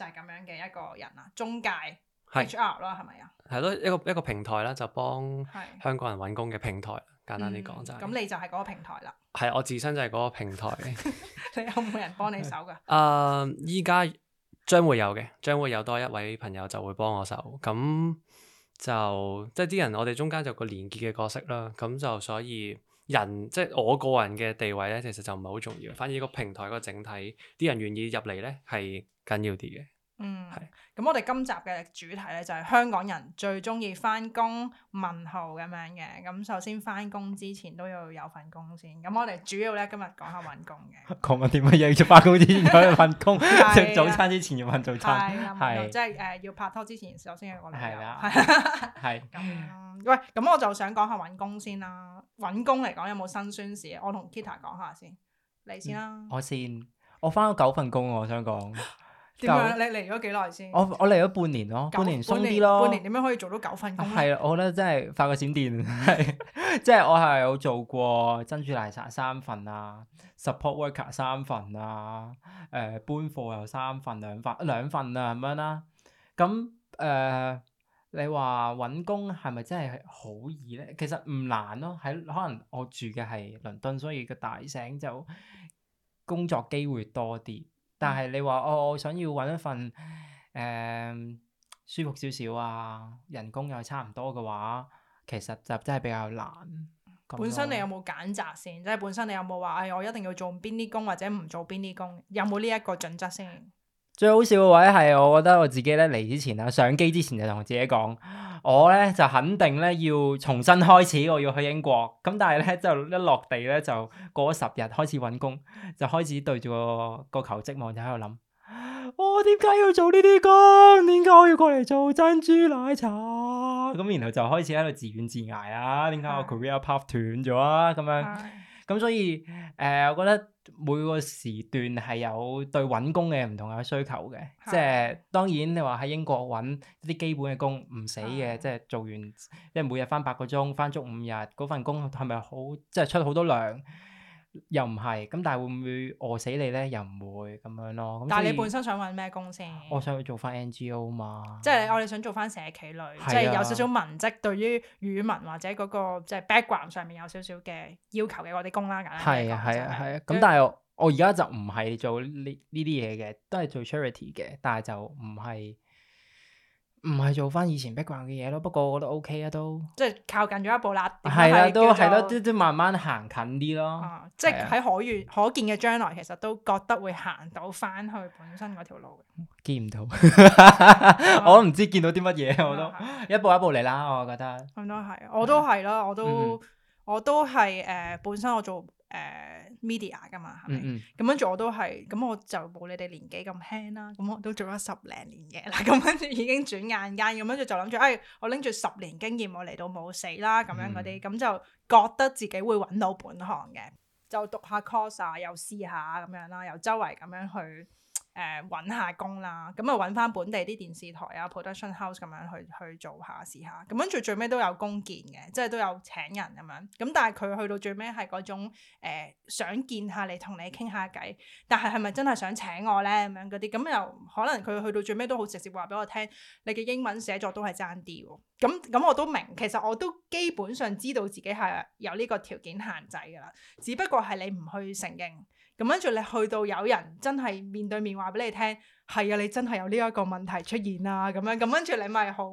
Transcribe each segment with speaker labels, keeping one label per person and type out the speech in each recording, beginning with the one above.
Speaker 1: 就係咁樣嘅一個人啊，中介是 HR
Speaker 2: 咯，係咪啊？係咯，一個一個平台啦，就幫香港人揾工嘅平台，的簡單啲講就係。咁、嗯、
Speaker 1: 你就係嗰個平台啦。
Speaker 2: 係，我自身就係嗰個平台。
Speaker 1: 你有冇人幫你手噶？
Speaker 2: 誒，依家將會有嘅，將會有多一位朋友就會幫我手。咁就即係啲人，我哋中間就個連結嘅角色啦。咁就所以。人即係、就是、我個人嘅地位咧，其實就唔係好重要，反而個平台個整體啲人願意入嚟咧係緊要啲嘅。
Speaker 1: 嗯，咁是、嗯、我哋今集嘅主題咧就係香港人最鍾意返工問號咁樣嘅。咁首先返工之前都要有份工先。咁我哋主要咧今日講下揾工
Speaker 3: 嘅。講緊啲乜嘢？返工之前要揾工，食、 啊、早餐之前要揾早餐，係即
Speaker 1: 係誒要拍拖之前首先要揾。係啦，係咁。喂，咁我就想講下揾工先啦。揾工嚟講有冇辛酸事？我同 Kita 講下先，你先啦、嗯。
Speaker 3: 我先，我返咗九份工，我想講。 點樣？你嚟咗幾耐先？我我嚟咗半年咯九，半年鬆啲咯。半年
Speaker 1: 點樣可以做到九份？工，啊？係
Speaker 3: 我覺得真係發個閃電，係即係我係有做過珍珠奶茶三份啊，support worker 三份啊，誒、呃、搬貨又三份兩份兩份啊咁樣啦、啊。咁誒、呃，你話揾工係咪真係好易咧？其實唔難咯，喺可能我住嘅係倫敦，所以個大城就工作機會多啲。但係你話哦，我想要揾一份誒、呃、舒服少少啊，人工又差唔多嘅話，其實就真係比較難。本身你有
Speaker 1: 冇揀擇先？即係本身你有冇話，哎，我一定要做邊啲工或者唔做邊啲工？有冇呢一個準則先？
Speaker 3: 最好笑嘅位係，我覺得我自己咧嚟之前啦，上機之前就同我自己講，我咧就肯定咧要重新開始，我要去英國。咁但係咧就一落地咧就過咗十日，開始揾工，就開始對住個個求職網就喺度諗，我點解要做呢啲工？點解我要過嚟做珍珠奶茶？咁然後就開始喺度自怨自艾啊！點解我 career path 斷咗啊？咁、er、樣咁、啊、所以誒、呃，我覺得。每個時段係有對揾工嘅唔同嘅需求嘅，的即係當然你話喺英國揾啲基本嘅工唔死嘅的，即係做完即係每日返八個鐘，返足五日嗰份工係咪好即係出好多糧？又唔係，咁但係會唔會餓死你咧？又唔會咁樣咯。但係你本身
Speaker 1: 想搵咩工先？
Speaker 3: 我想去做翻 NGO 嘛。
Speaker 1: 即係我哋想做翻社企類，啊、即係有少少文職，對於語文或者嗰個即係 background 上面有少少嘅要求嘅嗰啲工啦。梗係啊係啊係啊。咁、啊
Speaker 3: 啊、所以但係我我而家就唔係做呢呢啲嘢嘅，都係做 charity 嘅，但係就唔係。唔係做翻以前逼慣嘅嘢咯，不過我覺得 O K 啊都，
Speaker 1: 即係靠近咗一步啦。
Speaker 3: 係啊，都係咯，都都慢慢行近啲咯。即係喺
Speaker 1: 可遇可見嘅將來，其實都覺得會行到翻去本身嗰條路。
Speaker 3: 見唔不到， 我都唔知見到啲乜嘢，啊、我都的一步一步嚟啦。我覺得
Speaker 1: 咁都係，我都係咯，的我都、嗯、我都係誒、呃，本身我做。誒、uh, media 噶嘛，係咪咁樣做我都係，咁我就冇你哋年紀咁輕啦，咁我都做咗十零年嘅，嗱咁跟住已經轉眼間，咁跟住就諗住，唉、哎，我拎住十年經驗，我嚟到冇死啦，咁樣嗰啲，咁、mm hmm。就覺得自己會揾到本行嘅，就讀下 course 啊，又試下咁樣啦，由、啊、周圍咁樣去。誒揾下工啦，咁啊揾翻本地啲電視台啊、production house 咁樣去去做下試下，咁跟住最尾都有工見嘅，即係都有請人咁樣。咁但係佢去到最尾係嗰種、呃、想見下你同你傾下偈，但係係咪真係想請我呢？咁樣嗰啲？咁又可能佢去到最尾都好直接話俾我聽，你嘅英文寫作都係爭啲喎。咁咁我都明，其實我都基本上知道自己係有呢個條件限制㗎啦，只不過係你唔去承認。咁跟住你去到有人真係面對面話俾你聽，係啊，你真係有呢一個問題出現啦，啊，咁樣。咁跟住你咪好，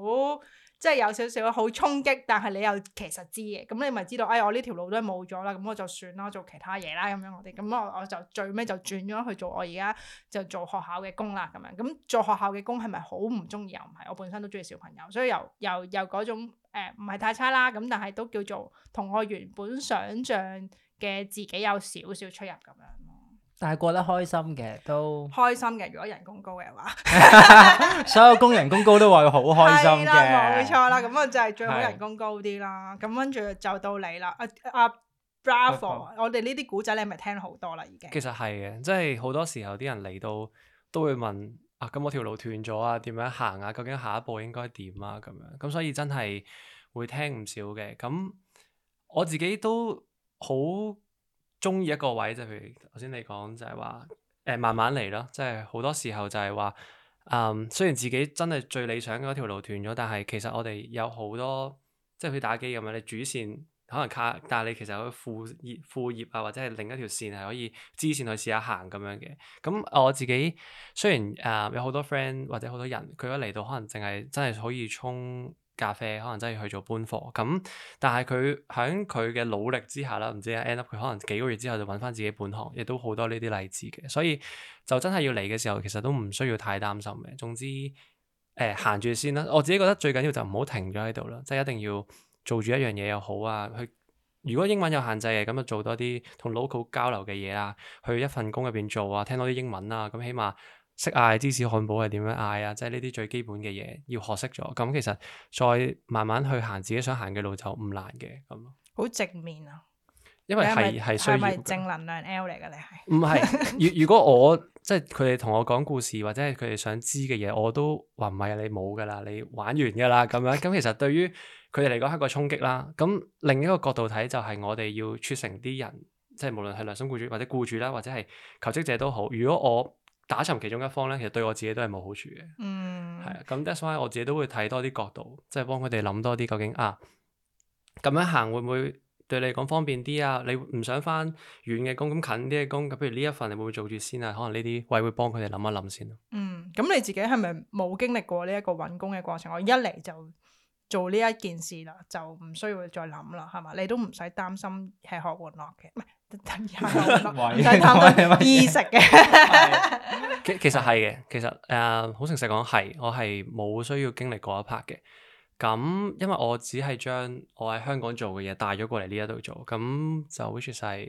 Speaker 1: 即係有少少好衝擊，但係你又其實知嘅。咁你咪知道，哎，我呢條路都係冇咗啦，咁我就算啦，做其他嘢啦咁樣。我哋咁我我就，我就最尾就轉咗去做我而家就做學校嘅工啦，咁樣。咁做學校嘅工係咪好唔中意？又唔係，我本身都中意小朋友，所以又又又嗰種誒唔係太差啦。咁但係都叫做同我原本想象嘅自己有少少出入咁樣。
Speaker 3: 但係過得開心嘅都
Speaker 1: 開心嘅，如果人工高嘅話，
Speaker 3: 所有工人
Speaker 2: 工高都話佢好開心嘅，冇錯 啦。
Speaker 1: 咁啊，就係最好人工高啲啦。咁跟住就到你啦，阿、啊、阿、啊、Brova， 我哋呢啲古仔你咪聽好多啦，已
Speaker 2: 經。其實係嘅，即係好多時候啲人嚟到都會問啊，咁我條路斷咗啊，點樣行啊？究竟下一步應該點啊？咁樣咁，所以真係會聽唔少嘅。咁我自己都好。中意一個位，就譬如頭先你講就係話誒，慢慢嚟咯，即係好多時候就係話誒，雖然自己真係最理想嗰條路斷咗，但係其實我哋有好多，即係好似打機咁樣，你主線可能卡，但係你其實有副業副業啊，或者係另一條線係可以支線去試下行咁樣嘅。咁我自己雖然誒、嗯、有好多 friend 或者好多人佢一嚟到可能淨係真係可以衝咖啡可能真係去做搬貨咁，但係佢喺佢嘅努力之下啦，唔知 end up 佢可能幾個月之後就搵返自己本行，亦都好多呢啲例子嘅，所以就真係要嚟嘅時候，其實都唔需要太擔心嘅。總之誒，行、呃、住先啦。我自己覺得最緊要，要就唔好停咗喺度啦，即係一定要做住一樣嘢又好啊。去如果英文有限制嘅，咁就做多啲同 local 交流嘅嘢啊。去一份工入邊做啊，聽多啲英文啊，咁起碼。識嗌芝士漢堡係點樣嗌啊。即係呢啲最基本嘅嘢要學識咗，咁其實再慢慢去行自己想行嘅路就唔難嘅咁。
Speaker 1: 好正面啊！因為係係需要係咪正能量 L 嚟嘅，你係？唔係。
Speaker 2: 如如果我 即係佢哋同我講故事，或者係佢哋想知嘅嘢，我都話唔係啊，你冇噶啦，你玩完噶啦咁樣。咁其實對於佢哋嚟講係一個衝擊啦。咁另一個角度睇就係我哋要促成啲人，即係無論係良心僱主或者僱主啦，或者係求職者都好。如果我打沉其中一方咧，其實對我自己都係冇好處嘅。嗯，係啊，咁 that's why 我自己都會睇多啲角度，即係幫佢哋諗多啲究竟啊，咁樣行會唔會對你講方便啲啊？你唔想返遠嘅工，咁近啲嘅工，咁譬如呢一份你會唔會做住先啊？可能呢啲位會幫佢哋諗一諗先啊。嗯，
Speaker 1: 咁你自己係咪冇經歷過呢一個揾工嘅過程？我一嚟就。做呢一件事啦，就唔需要再諗啦，係嘛？你都唔使擔心係學玩樂嘅，唔係 是，係貪到意食嘅。
Speaker 2: 其其實係嘅，其實誒，好、uh, 誠實講係，我係冇需要經歷過一 part 嘅。咁因為我只係將我喺香港做嘅嘢帶咗過嚟呢一度做，咁就好似 i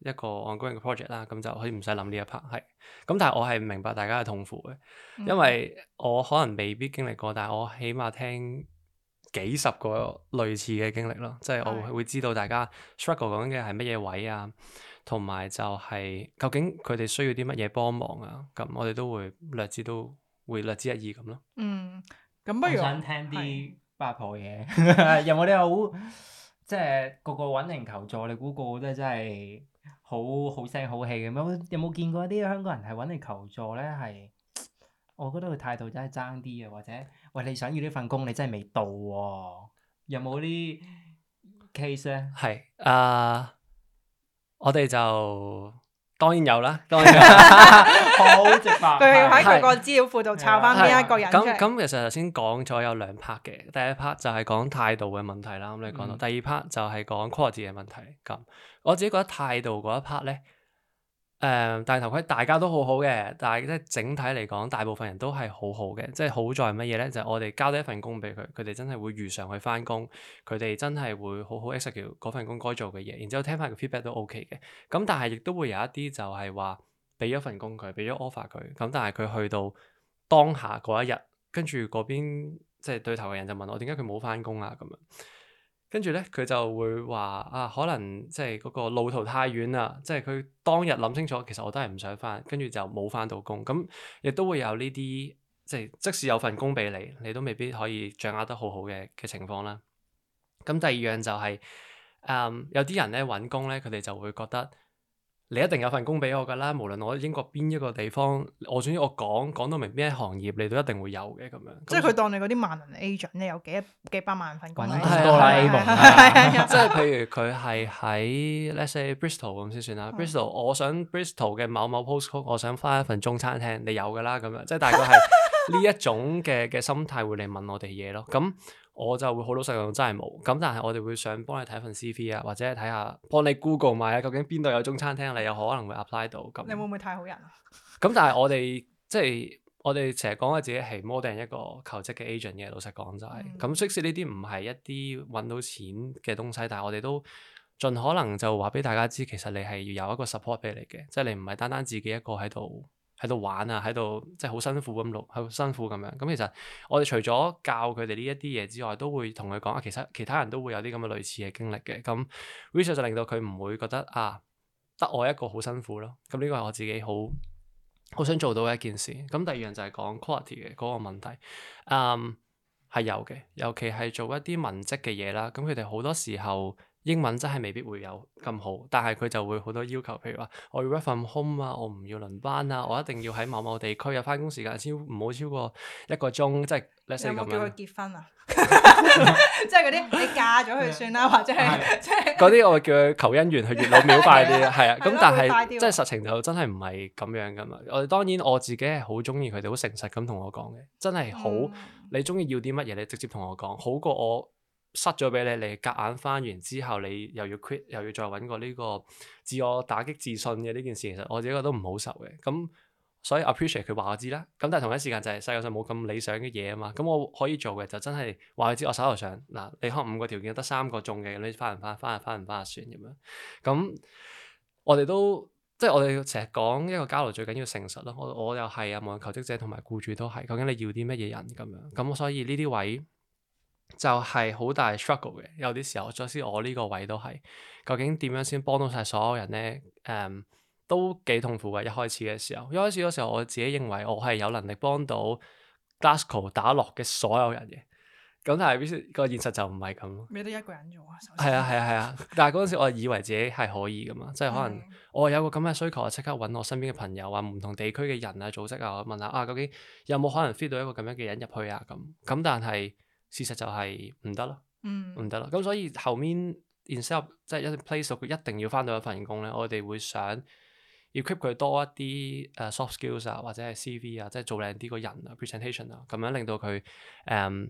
Speaker 2: 一個 ongoing project 啦。咁就可以唔使諗呢一 part 係。咁但係我係明白大家嘅痛苦嘅，嗯、因為我可能未必經歷過，但係我起碼聽幾十個類似嘅經歷咯，即係我會知道大家 struggle 講嘅係乜嘢位啊，同埋是的 就係究竟佢哋需要啲乜嘢幫忙啊，咁我哋都會略知都會略知一二咁咯。嗯，
Speaker 3: 咁不如想聽啲八婆嘢，的 有冇啲好即係個個揾人求助？你估個個都真係好好聲好氣嘅咩？有冇見過啲香港人係揾人求助咧？係。我覺得佢態度真係爭啲嘅，或者喂你想要呢份工，你真係未到喎、哦？有冇啲 case
Speaker 2: 咧？係啊、呃，我哋就當然有啦，當然有，然有 好直白。佢要喺佢個資料庫度抄翻邊一個人。咁咁其實頭先講咗有兩 part 嘅，第一 part 就係講態度嘅問題啦。咁你講到第二 part 就係講 quality 嘅問題。咁、嗯、我自己覺得態度嗰一 part 咧。誒，戴頭盔，大家都好好嘅，但係即係整體嚟講，大部分人都係好好嘅。即係好在乜嘢咧？就係我哋交咗一份工俾佢，佢哋真係會如常去翻工，佢哋真係會好好 execute 嗰份工該做嘅嘢，然之後聽翻個 feedback 都 OK 嘅。咁但係亦都會有一啲就係話俾咗份工佢，俾咗 offer 佢，咁但係佢去到當下嗰一日，跟住嗰邊即係、就是、對頭嘅人就問我點解佢冇翻工啊？咁樣。跟住咧，佢就會話啊，可能即係嗰個路途太遠啦，即係佢當日諗清楚，其實我都係唔想返，跟住就冇返到工。咁亦都會有呢啲，即係即使有份工俾你，你都未必可以掌握得好好嘅嘅情況啦。咁第二樣就係，誒，有啲人咧，揾工咧，佢哋就會覺得。你一定有份工俾我噶啦，無論我喺英國邊一個地方，我總之我講講到明邊一行業，你都一定會有嘅咁樣。即係佢
Speaker 1: 當你嗰啲萬能 agent，你有幾幾百萬份工。 即係譬
Speaker 2: 如佢係喺 Let's say Bristol 咁先算啦，Bristol，我想 Bristol 嘅某某 postcode，我想翻一份中餐廳，你有噶啦咁樣，即係 大概係呢一種嘅嘅心態會嚟問我哋嘢咯，咁。我就會好多時候真係冇，咁但係我哋會想幫你睇份 CV 啊，或者睇下幫你 Google 埋啊，究竟邊度有中餐廳，你有可能會 apply 到咁。你有唔咪太好人啊？咁但係我哋即係我哋成日講嘅自己係 m o d e l 一個求職嘅 agent 嘅，老實講就係咁。即使呢啲唔係一啲揾到錢嘅東西，但係我哋都盡可能就話俾大家知，其實你係要有一個 support 俾你嘅，即係你唔係單單自己一個喺度。喺度玩啊，喺度即係好辛苦咁，好辛苦咁樣。咁其實我哋除咗教佢哋呢一啲嘢之外，都會同佢講啊，其實其他人都會有啲咁嘅類似嘅經歷嘅。咁 Rachel 就令到佢唔會覺得啊，得我一個好辛苦咯。咁呢個係我自己好，好想做到嘅一件事。咁第二樣就係講 quality 嘅嗰個問題，嗯，係有嘅，尤其係做一啲文職嘅嘢啦。咁佢哋好多時候。英文真係未必會有咁好，但係佢就會好多要求，譬如話我要 refine home 啊，我唔要輪班啊，我一定要喺某某地區有翻工時間，先唔好超過一個鐘，即係 let's say 咁樣。叫佢
Speaker 1: 結婚啊，即係嗰啲你嫁咗佢算啦，的或者係的即係嗰啲
Speaker 2: 我叫佢求姻緣，去月老廟拜啲，係啊。咁但係即係實情就真係唔係咁樣噶嘛。我哋當然我自己係好中意佢哋好誠實咁同我講嘅，真係好、嗯、你中意要啲乜嘢？你直接同我講，好過我。塞咗俾你，你隔硬翻完之後，你又要 quit，又要再揾個呢個自我打擊自信嘅呢件事，其實我自己都唔好受嘅。咁所以 appreciate 佢話我知啦。咁但係同一時間就係世界上冇咁理想嘅嘢啊嘛。咁我可以做嘅就真係話我知，我手頭上嗱，你可能五個條件得三個中嘅，你翻唔翻翻翻唔翻算咁樣。咁我哋都即係、就是、我哋成日講一個交流最緊要誠實咯。我我又係啊，無論求職者同埋僱主都係，究竟你要啲乜嘢人咁樣。咁所以呢啲位。就係好大嘅 struggle 嘅，有啲時候，即使我呢個位都係，究竟點樣先幫到晒所有人呢？誒、um，都幾痛苦嘅。一開始嘅時候，一開始嗰時候，我自己認為我係有能力幫到 DASCO 打落嘅所有人嘅。咁但係個現實就唔係咁咯。
Speaker 1: 咩都一個人做
Speaker 2: 啊？係啊係啊係啊，啊 但係嗰陣時我以為自己係可以噶嘛，即係可能我、 哦、有個咁嘅需求，即刻搵我身邊嘅朋友啊，唔同地區嘅人啊、組織啊，我問下啊，究竟有冇可能 fit 到一個咁樣嘅人入去啊？咁咁但係。事實就係唔得咯，唔得咯，咁、嗯、所以後面 inself 即係一 placement 一定要翻到一份工咧，我哋會想要 keep 佢多一啲誒 soft skills 啊，或者係 CV 啊，即係做靚啲個人啊 presentation 啊，咁樣令到佢誒、um,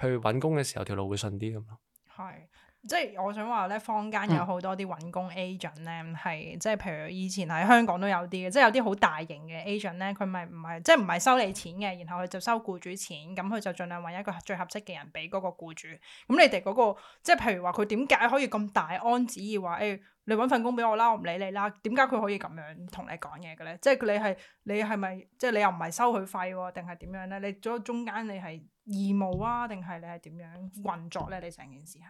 Speaker 2: 去揾工嘅時候條路會順啲咁咯。
Speaker 1: 係。即係我想話咧，坊間有好多啲揾工 agent 咧，係即係譬如以前喺香港都有啲嘅，即係有啲好大型嘅 agent 咧，佢咪唔係即係唔係收你錢嘅，然後佢就收僱主錢，咁佢就盡量揾一個最合適嘅人俾嗰個僱主。咁你哋嗰個即係譬如話佢點解可以咁大安旨意話誒，你揾份工俾我啦，我唔理你啦。點解佢可以咁樣同你講嘢嘅咧？即係你係你係咪即係你又唔係收佢費喎，定係點樣咧？你做咗中間你係義務啊，定係你係點樣運作咧？你成件事係。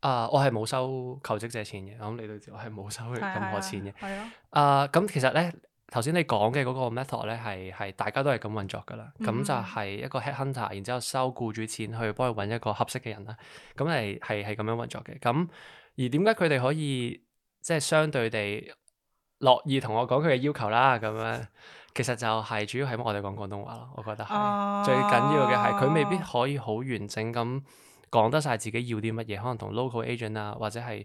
Speaker 2: 啊，uh, 我係冇收求職者錢嘅，咁你都知我係冇收任何錢嘅。啊，咁、uh, 其實咧，頭先你講嘅嗰個 method 咧，係係大家都係咁運作噶啦。咁、嗯、哼就係一個 head hunter，然之後收僱主錢去幫佢揾一個合適嘅人啦。咁係係係咁樣運作嘅。咁而點解佢哋可以即係、就是、相對地樂意同我講佢嘅要求啦？咁樣其實就係主要係我哋講廣東話咯。我覺得係、啊、最緊要嘅係佢未必可以好完整咁講得晒自己要啲乜嘢，可能同 local agent 啊，或者係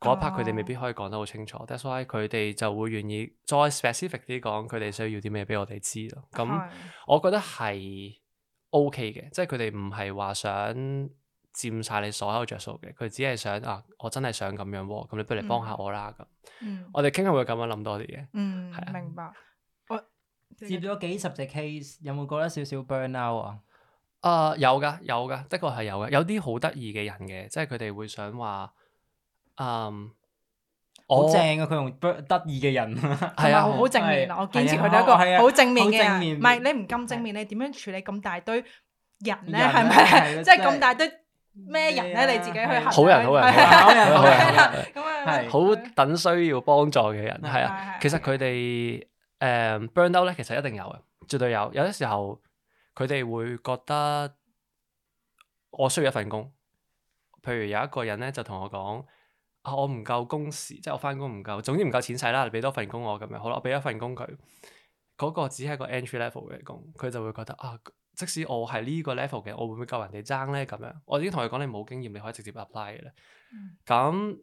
Speaker 2: 嗰一 part 佢哋未必可以講得好清楚，啊，that's why 佢哋就會願意再 specific 啲講佢哋需要啲咩俾我哋知咯。咁我覺得係 OK 嘅，即係佢哋唔係話想佔晒你所有着數嘅，佢只係想啊，我真係想咁樣喎，咁你不如嚟幫下我啦咁。我哋傾下會咁樣諗多啲嘅。嗯，
Speaker 1: 係啊，明白。我
Speaker 2: 接咗幾十隻 case，有冇覺得少少 burn out 啊？誒，有噶有噶，的確係有噶，有啲好得意嘅人嘅，即係佢哋會想話，嗯，好正
Speaker 3: 啊！佢用得意嘅人，係啊，好正面，我堅持佢哋一個好正面嘅人，唔係你
Speaker 1: 唔咁正面，你點樣處理咁大堆人咧？係咪？即係咁大堆咩人咧？你自己去好人好人好人好人，咁啊，
Speaker 2: 好等需要幫助嘅人，係啊。其實佢哋誒 burn out 咧，其實一定有嘅，絕對有。有啲時候。佢哋會覺得我需要一份工，譬如有一個人咧就同我講：啊，我唔夠工時，即係我翻工唔夠，總之唔夠錢使啦，你俾多份工我咁樣。好啦，我俾一份工佢，嗰個只係一個 entry level 嘅工，佢就會覺得啊，即使我係呢個 level 嘅，我會唔會夠人哋爭咧？咁樣，我已經同佢講你冇經驗，你可以直接 apply 嘅。咁、嗯、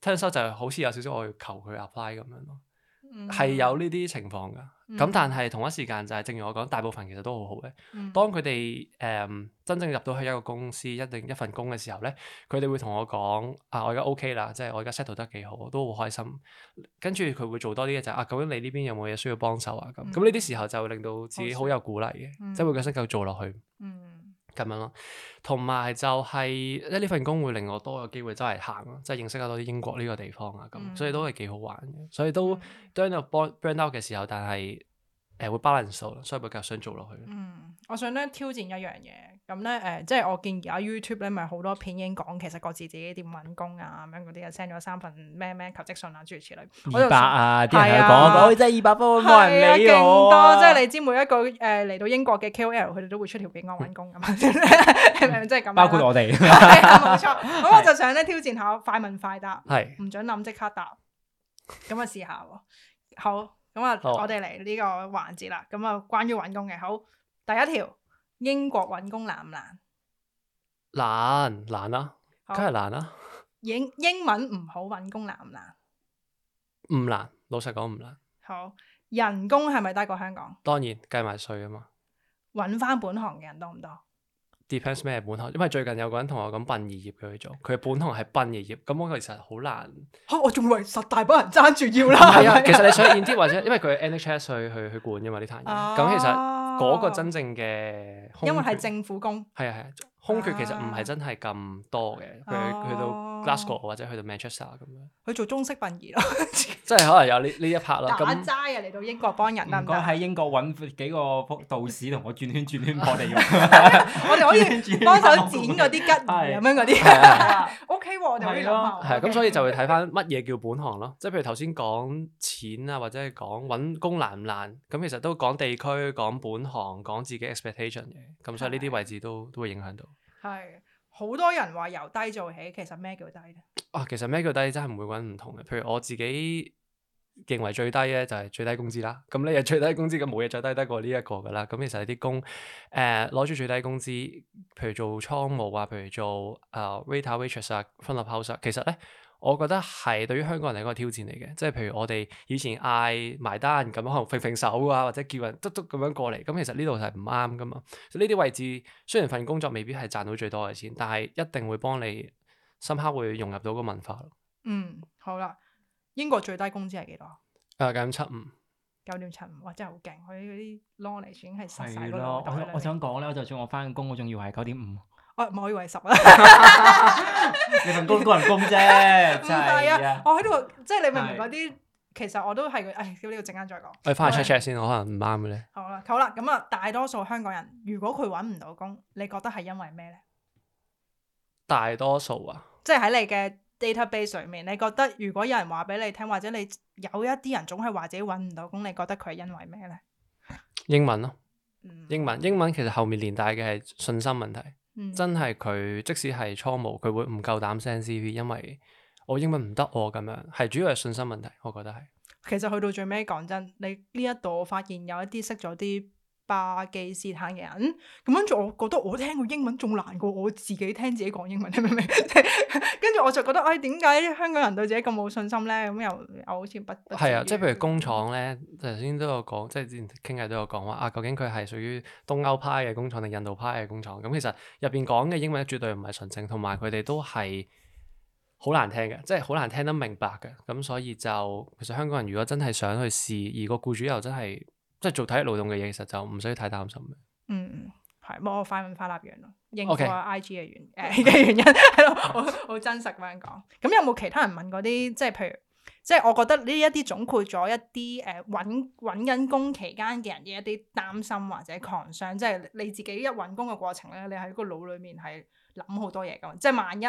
Speaker 2: 聽收就好似有少少我要求佢 apply 咁樣咯。係、mm hmm. 有呢啲情況噶，咁、mm hmm. 但係同一時間就係、是、正如我講，大部分其實都好好嘅。Mm hmm. 當佢哋誒真正入到去一個公司，一定一份工嘅時候咧，佢哋會同我講啊，我而家 OK 啦，即、就、係、是、我而家 settle 得幾好，我都好開心。跟住佢會做多啲嘅就係、是、啊，究竟你呢邊有冇嘢需要幫手啊？咁咁呢啲時候就會令到自己好有鼓勵嘅，即係像會繼續做落去。Mm hmm. 咁樣咯，同埋就係，即係呢份工會令我多個機會周圍行咯，即係認識得多啲英國呢個地方啊，咁所以都係幾好玩嘅，所以都 during the burn out 嘅時候，但係。誒會包人數咯，所以比較想做落去。
Speaker 1: 嗯，我想咧挑戰一樣嘢，咁咧誒，即係我見而家 YouTube 咧，咪好多片已經講其實各自自己點搵工啊，咁樣嗰啲啊，send 咗三份咩咩求職信啊諸如此類。二百啊，啲人講講，即係二百波咁多人
Speaker 3: 嚟喎，勁多！即係
Speaker 1: 你知每一個誒嚟到英國嘅 KOL，佢哋都會出條片講搵工噶嘛，明唔明？即係咁。包括我哋。冇錯。咁我就想咧挑戰下快問快答，係唔準諗即刻答，咁啊試下喎。好。咁啊，我哋嚟呢個環節啦。咁啊，關於揾工嘅，好，第一條，英國揾工難唔難？難，
Speaker 2: 難、啊，難啦、啊，梗係難啦。
Speaker 1: 英英文唔好揾工難唔難？
Speaker 2: 唔難，老實講唔難。
Speaker 1: 好，人工係咪低過香港？
Speaker 2: 當然，計埋稅啊嘛。
Speaker 1: 揾翻本行嘅人多唔多？
Speaker 2: Depends 咩本行，因為最近有個人同我講殯儀業佢去做，佢本行係殯儀業，咁我其實好難
Speaker 1: 嚇、啊。我仲以為實大班人爭住要啦。係啊，啊啊其實你想
Speaker 2: 現啲或者，因為佢 NHS 去去去管噶嘛呢攤嘢。咁、啊、其實嗰個真正嘅，因為係
Speaker 1: 政府工。
Speaker 2: 啊係啊，空缺其實唔係真係咁多嘅。佢去到 Glasgow 或者去到 Manchester 咁樣、
Speaker 1: 啊，佢做中式殯儀咯。
Speaker 2: 即係可能有呢呢一 part 咯，打齋
Speaker 1: 啊嚟到英國幫人啊，唔該
Speaker 3: 喺英國揾幾個道士同我轉圈轉圈幫我哋用，我哋可以幫手剪嗰啲吉紙咁
Speaker 1: 樣嗰啲，OK 喎，同你講。
Speaker 2: 係咁，所以就會睇翻乜嘢叫本行咯。即係譬如頭先講錢啊，或者係講揾工難唔難咁，其實都講地區、講本行、講自己 expectation 嘅。咁所以呢啲位置都都會影響到。
Speaker 1: 係好多人話由低做起，其實咩叫低
Speaker 2: 咧？啊，其實咩叫低真係每個人唔同嘅。譬如我自己。認為最低咧就係最低工資啦，咁你個最低工資咁冇嘢再低得過呢、這、一個㗎啦。咁其實啲工誒攞住最低工資，譬如做倉務啊，譬如做誒 waiter、waitress、呃、啊、front of house 啊，其實咧，我覺得係對於香港人嚟講個挑戰嚟嘅。即係譬如我哋以前嗌埋單咁樣，揈揈手啊，或者叫人嘟嘟咁樣過嚟，咁其實呢度係唔啱㗎嘛。所以呢啲位置雖然份工作未必係賺到最多嘅錢，但係一定會幫你深刻會融入到個文化咯。嗯，
Speaker 1: 好啦。英國最低工資係幾多？
Speaker 2: 啊，九點七五，
Speaker 1: 九點七五，哇，真係好勁！佢嗰啲 language 已經係實晒咯。我我想
Speaker 3: 講咧，我就算我翻工，我仲以為係九點五，
Speaker 1: 我我以為十啊。你份工高人工啫，真係啊！我喺度，即係你明唔明嗰啲？其實我都係，唉，叫呢個陣間再講。我翻去 check check
Speaker 2: 先，我可能唔啱嘅咧。
Speaker 1: 好啦，好啦，咁啊，大多數香港人如果佢搵唔到工，你覺得係因為咩咧？
Speaker 2: 大多數啊，
Speaker 1: 即係喺你嘅。database 上面，你覺得如果有人話俾你聽，或者你有一啲人總係話自己搵唔到，咁你覺得佢係因為咩咧？
Speaker 2: 英文咯、啊，嗯、英文英文其實後面連帶嘅係信心問題。嗯、真係佢即使係初模，佢會唔夠膽 send cv，因為我英文唔得喎。咁樣係主要係信心問題，我覺得係。
Speaker 1: 其實去到最尾，講真，你呢一度我發現有一啲識咗啲。巴基斯坦嘅人咁，跟住我覺得我聽個英文仲難過我自己聽自己講英文，明唔明？跟住我就覺得，哎，點解香港人對自己咁冇信心咧？咁又又好似不得係啊！即
Speaker 2: 係譬如工廠咧，頭先都有講，即係之前傾偈都有講話啊。究竟佢係屬於東歐派嘅工廠定印度派嘅工廠？咁、嗯、其實入邊講嘅英文絕對唔係純正，同埋佢哋都係好難聽嘅，即係好難聽得明白嘅。咁所以就其實香港人如果真係想去試，而個僱主又真係。即係做體力勞動嘅嘢，其實就唔需要太擔心。嗯，
Speaker 1: 係，冇快問快答樣咯，應付下 IG 嘅原誒嘅 Okay.、呃、原因係咯，好 真實咁講。咁有冇其他人問嗰啲？即係譬如，即係我覺得呢一啲總括咗一啲誒揾揾緊工期間嘅人嘅一啲擔心或者 concern，即係你自己一揾工嘅過程咧，你喺個腦裡面係諗好多嘢嘅。即係萬一。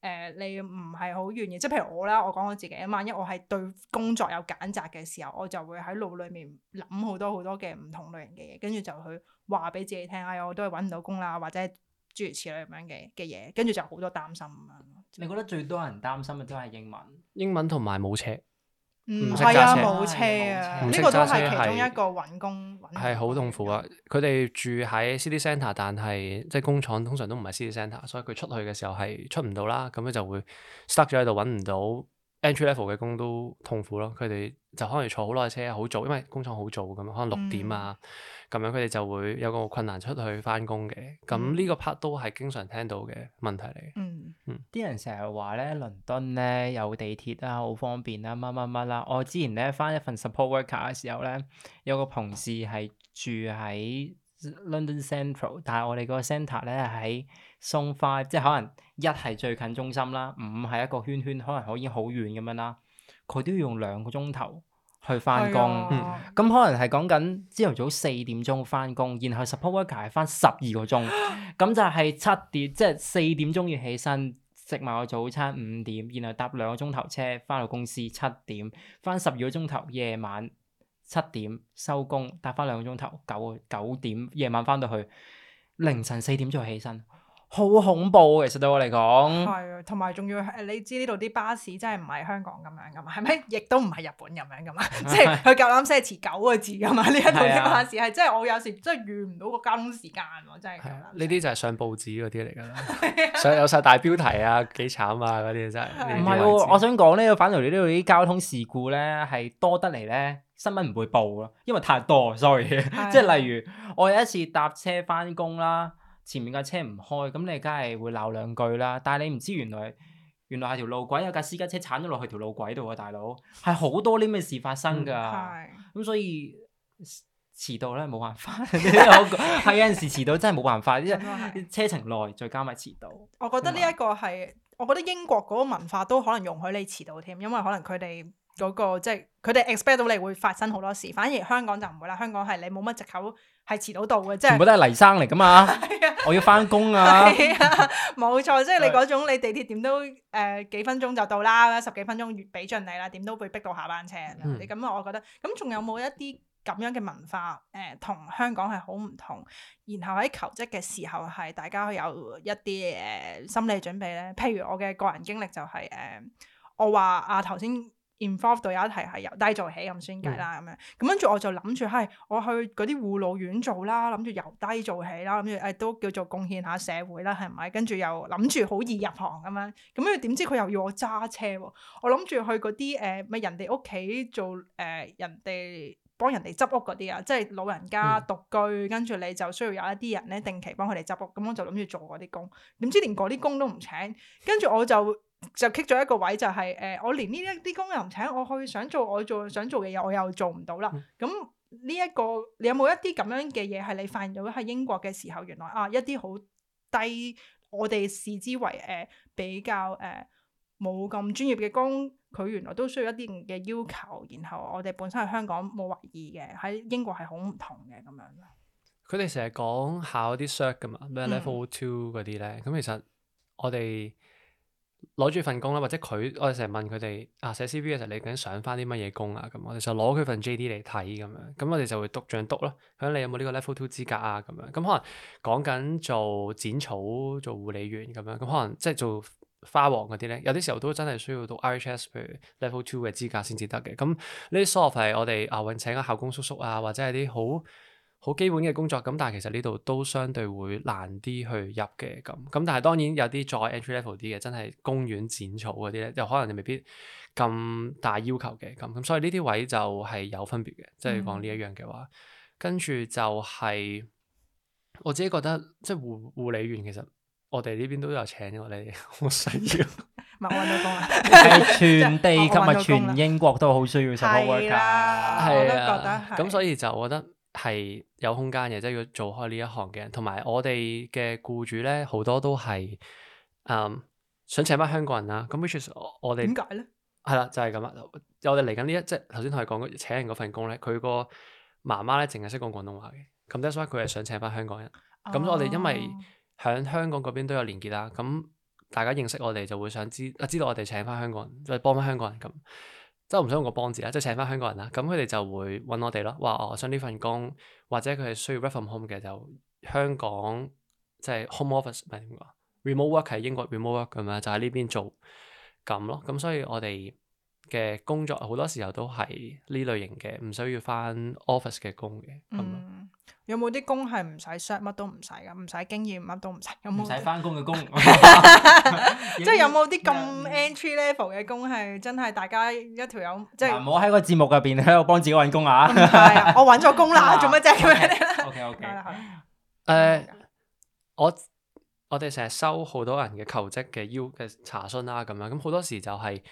Speaker 1: 誒、呃，你唔係好願意，即係譬如我啦，我講我自己啊。萬一我係對工作有揀擇嘅時候，我就會喺腦裡面諗好多好多嘅唔同類型嘅嘢，跟住就去話俾自己聽，哎呀，我都係搵唔到工啦，或者諸如此類咁樣嘅嘅嘢，跟住就好多擔心啊。
Speaker 3: 你覺得最多人擔心嘅都係英
Speaker 2: 文，英文同埋冇車？唔係啊，冇車啊，呢個都係其中一
Speaker 1: 個揾工。係
Speaker 2: 好痛苦啊！佢哋的住喺 city centre，但係即係工廠通常都唔係 city centre，所以佢出去嘅時候係出唔到啦。咁樣就會 stuck 咗喺度揾唔到。entry level 嘅工都痛苦咯，佢哋就可能坐好耐車，好早，因為工廠好早咁，可能六點啊，咁、嗯、樣佢哋就會有個困難出去翻工嘅。咁呢、嗯、個 part 都係經常聽到嘅問題嚟。嗯，
Speaker 3: 啲、嗯、人成日話咧，倫敦咧有地鐵啊，好方便啦，乜乜乜啦。我之前咧翻一份 support worker 嘅時候咧，有個同事係住喺 London Central，但係我哋個 centre 咧喺 Zone Five，即係可能一係最近中心啦，五係一個圈圈，可能可以好遠咁樣啦。佢都要用兩個鐘頭去返工，咁的、嗯、可能係講緊朝頭早四點鐘返工，然後 support worker 係返十二個鐘，咁 就係七點，即係四點鐘要起身食埋個早餐，五點然後搭兩個鐘頭車返到公司，七點返十二個鐘頭夜晚。七點收工，搭翻兩個鐘頭，九九點夜晚翻到去，凌晨四點再起身，好恐怖。其實對我嚟講，
Speaker 1: 係啊，同埋仲要你知呢度啲巴士真係唔係香港咁樣噶嘛？係咪亦都唔係日本咁樣噶嘛？ 即係佢夠膽寫遲九個字噶
Speaker 2: 嘛？呢一度啲巴
Speaker 1: 士係即係我有時真係遇唔到個交通時間，真係 的。
Speaker 2: 呢啲就係上報紙嗰啲嚟㗎啦， 上有晒大標題啊，幾慘啊嗰啲真係。唔係喎，我
Speaker 3: 想講咧，反而你呢度啲交通事故咧係多得嚟咧。新聞唔會報咯，因為太多，Sorry，即係例如，我有一次搭車翻工啦，前面架車唔開，咁你梗係會鬧兩句啦。但係你唔知原來原來係條路軌有架私家車鏟咗落去條路軌度啊。大佬係好多啲咩事發生噶。咁、嗯、所以遲到咧冇辦法，係 有陣時遲到真係冇辦法， 因為車程耐，再加埋遲到。我覺得呢一
Speaker 1: 個係，我覺得英國嗰個文化都可能容許你遲到添，因為可能佢哋。嗰、那個即係佢哋 expect 到你會發生好多事，反而香港就唔會啦。香港係你冇乜藉口係遲到到嘅，即係全部都係
Speaker 3: 黎生嚟噶嘛。 是啊、我要返工啊， 啊！
Speaker 1: 冇錯，即係你嗰種你地鐵點都誒、呃、幾分鐘就到啦，是十幾分鐘越俾盡你啦，點都會逼到下班車。你咁、嗯、我覺得咁仲有冇一啲咁樣嘅文化誒，同、呃、香港係好唔同，然後喺求職嘅時候係大家有一啲誒、呃、心理準備咧。譬如我嘅個人經歷就係、是、誒、呃，我話啊頭先。剛才剛才 i n v o l v e 到有一題係由低做起咁先計啦，咁樣咁跟住我就諗住係我去嗰啲護老院做啦，諗住由低做起啦，住，誒都叫做貢獻下社會啦，係咪？跟住又諗住好易入行咁樣，咁住點知佢又要我揸車喎？我諗住去嗰啲誒，咪、呃、人哋、呃、屋企做誒，人哋幫人哋執屋嗰啲啊，即係老人家獨居，跟住你就需要有一啲人咧定期幫佢哋執屋，咁我就諗住做嗰啲工，點知連嗰啲工都唔請，跟住我就。就棘咗一個位就係、是、誒、呃，我連呢一啲工人唔請我，我去想做我做想做嘅嘢，我又做唔到啦。咁呢一個，你有冇一啲咁樣嘅嘢係你發現到喺英國嘅時候，原來啊一啲好低，我哋視之為誒、呃、比較誒冇咁專業嘅工，佢原來都需要一啲嘅要求，然後我哋本身喺香港冇懷疑嘅，喺英國係好唔同嘅咁樣。
Speaker 2: 佢哋成日講考啲 cert 噶嘛，咩 level two 嗰啲咧？咁其實我哋。攞住份工啦，或者佢，我哋成日問佢哋啊寫 CV 嘅時候，你究竟想翻啲乜嘢工啊？咁我哋就攞佢份 JD 嚟睇咁樣，咁我哋就會督像督咯，咁你有冇呢個 Level Two 資格啊？咁樣，咁可能講緊做剪草、做護理員咁樣，咁可能即係做花王嗰啲咧，有啲時候都真係需要讀 RHS 譬如 Level Two 嘅資格先至得嘅。咁呢啲 soft 係我哋阿允請嘅校工叔叔啊，或者係啲好。好基本嘅工作咁，但係其實呢度都相對會難啲去入嘅咁。咁但係當然有啲再 entry level 啲嘅，真係公園剪草嗰啲咧，又可能你未必咁大要求嘅咁。咁所以呢啲位就係有分別嘅，即係講呢一樣嘅話，跟住就係、是、我自己覺得，即係護護理員，其實我哋呢邊都有請過你哋，好
Speaker 1: 需要物溫 全
Speaker 3: 地級咪全英國都好需要 support worker 係
Speaker 2: 啊，咁所以就我覺得。係有空間嘅，即係要做開呢一行嘅人。同埋我哋嘅僱主咧，好多都係誒、嗯、想請翻香港人啦。咁 which is 我哋點解咧？係啦，就係咁啊！我哋嚟緊呢一即係頭先同你講請人嗰份工咧，佢個媽媽咧淨係識講廣東話嘅。咁 that's why 佢係想請翻香港人。咁我哋因為喺香港嗰邊都有連結啦，咁大家認識我哋就會想知啊，知道我哋請翻香，香港人，就係幫翻香港人咁。即係唔想用個幫字啦，即係請返香港人啦，咁佢哋就會揾我哋咯。話我、哦、想呢份工，或者佢係需要 work from home 嘅，就香港即係、就是、home office，唔係點講？remote work 係英國 remote work 咁、就是、樣，就喺呢邊做咁咯。咁所以我哋。嘅工作好多時候都係呢類型嘅，唔需要翻 office 嘅工嘅。咁、嗯、
Speaker 1: 有冇啲工係唔使 shut 乜都唔使嘅，唔使經驗乜都唔使嘅？唔使翻
Speaker 2: 工嘅工， 即係有冇
Speaker 1: 啲咁 entry level 嘅工係真係大家一條友即係。
Speaker 3: 唔好喺個節目入邊喺度幫自己搵工啊、， 嗯、啊！
Speaker 1: 我搵咗工啦，做乜啫？咁樣 OK
Speaker 2: OK。誒，我我哋成日收好多人嘅求職嘅要嘅查詢啦，咁樣咁好多時就係、是。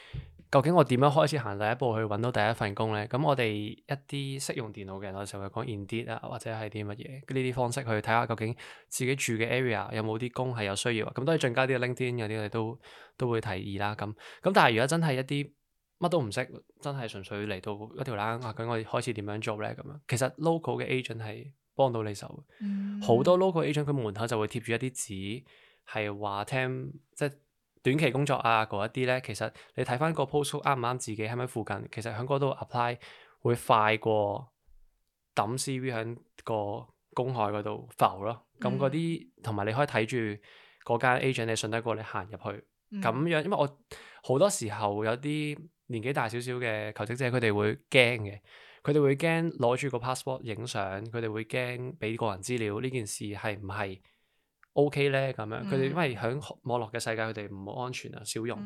Speaker 2: 究竟我點樣開始行第一步去揾到第一份工咧？咁我哋一啲識用電腦嘅人，我哋成日講 Indeed 啊，或者係啲乜嘢呢啲方式去睇下究竟自己住嘅 area 有冇啲工係有需要，咁都係進階啲 LinkedIn 嗰啲，我哋都都會提議啦。咁咁，但係如果真係一啲乜都唔識，真係純粹嚟到一條冷、啊，究竟我哋開始點樣做咧？咁樣其實 local 嘅 agent 係幫到你手好、嗯、多 local agent 佢門口就會貼住一啲紙，係話聽即短期工作啊嗰一啲咧，其實你睇翻個 post 啱唔啱，自己喺咪附近，其實喺嗰度 apply 會快過抌 CV 喺個公海嗰度浮咯。咁嗰啲，同埋你可以睇住嗰間 agent 你信得過你，你行入去咁樣，因為我好多時候有啲年紀大少少嘅求職者，佢哋會驚嘅，佢哋會驚攞住個 passport 影相，佢哋會驚俾個人資料呢件事係唔係？O.K. 咧咁樣，佢哋因為喺網絡嘅世界，佢哋唔好安全啊，少用。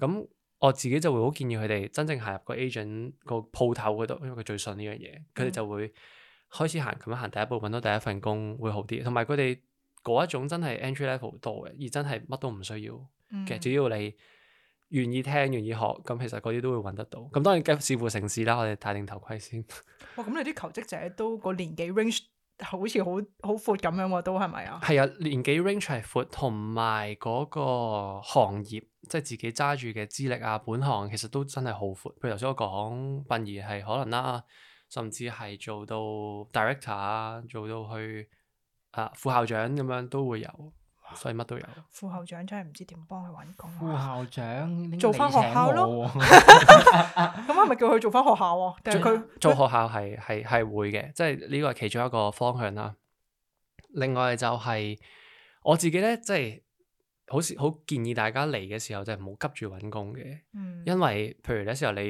Speaker 2: 咁、嗯、我自己就會好建議佢哋真正行入個 agent 個鋪頭嗰度，因為佢最信呢樣嘢。佢哋、嗯、就會開始行咁樣行第一步，揾到第一份工會好啲。同埋佢哋嗰一種真係 entry level 多嘅，而真係乜都唔需要、嗯、其實，只要你願意聽、願意學，咁其實嗰啲都會揾得到。咁當然，視乎城市啦，我哋戴定頭盔先。
Speaker 1: 哇、哦！咁你啲求職者都個年紀 range？好似好好闊咁樣喎，都係咪啊？
Speaker 2: 係啊，年紀 range 係闊，同埋嗰個行業即係自己揸住嘅資歷啊，本行其實都真係好闊。譬如頭先我講，殯儀係可能啦，啊，甚至係做到 director 啊，做到去啊副校長咁樣都會有。所以乜都有。
Speaker 1: 副校長真係唔知點幫佢搵工。
Speaker 2: 副校長做翻學校咯。
Speaker 1: 咁係咪叫佢做翻學校，啊？定係佢
Speaker 2: 做學校係係係會嘅，即係呢個係其中一個方向啦。另外就係、是、我自己咧，即係好似好建議大家嚟嘅時候，就係唔好急住搵工嘅。嗯、因為譬如咧，有時候你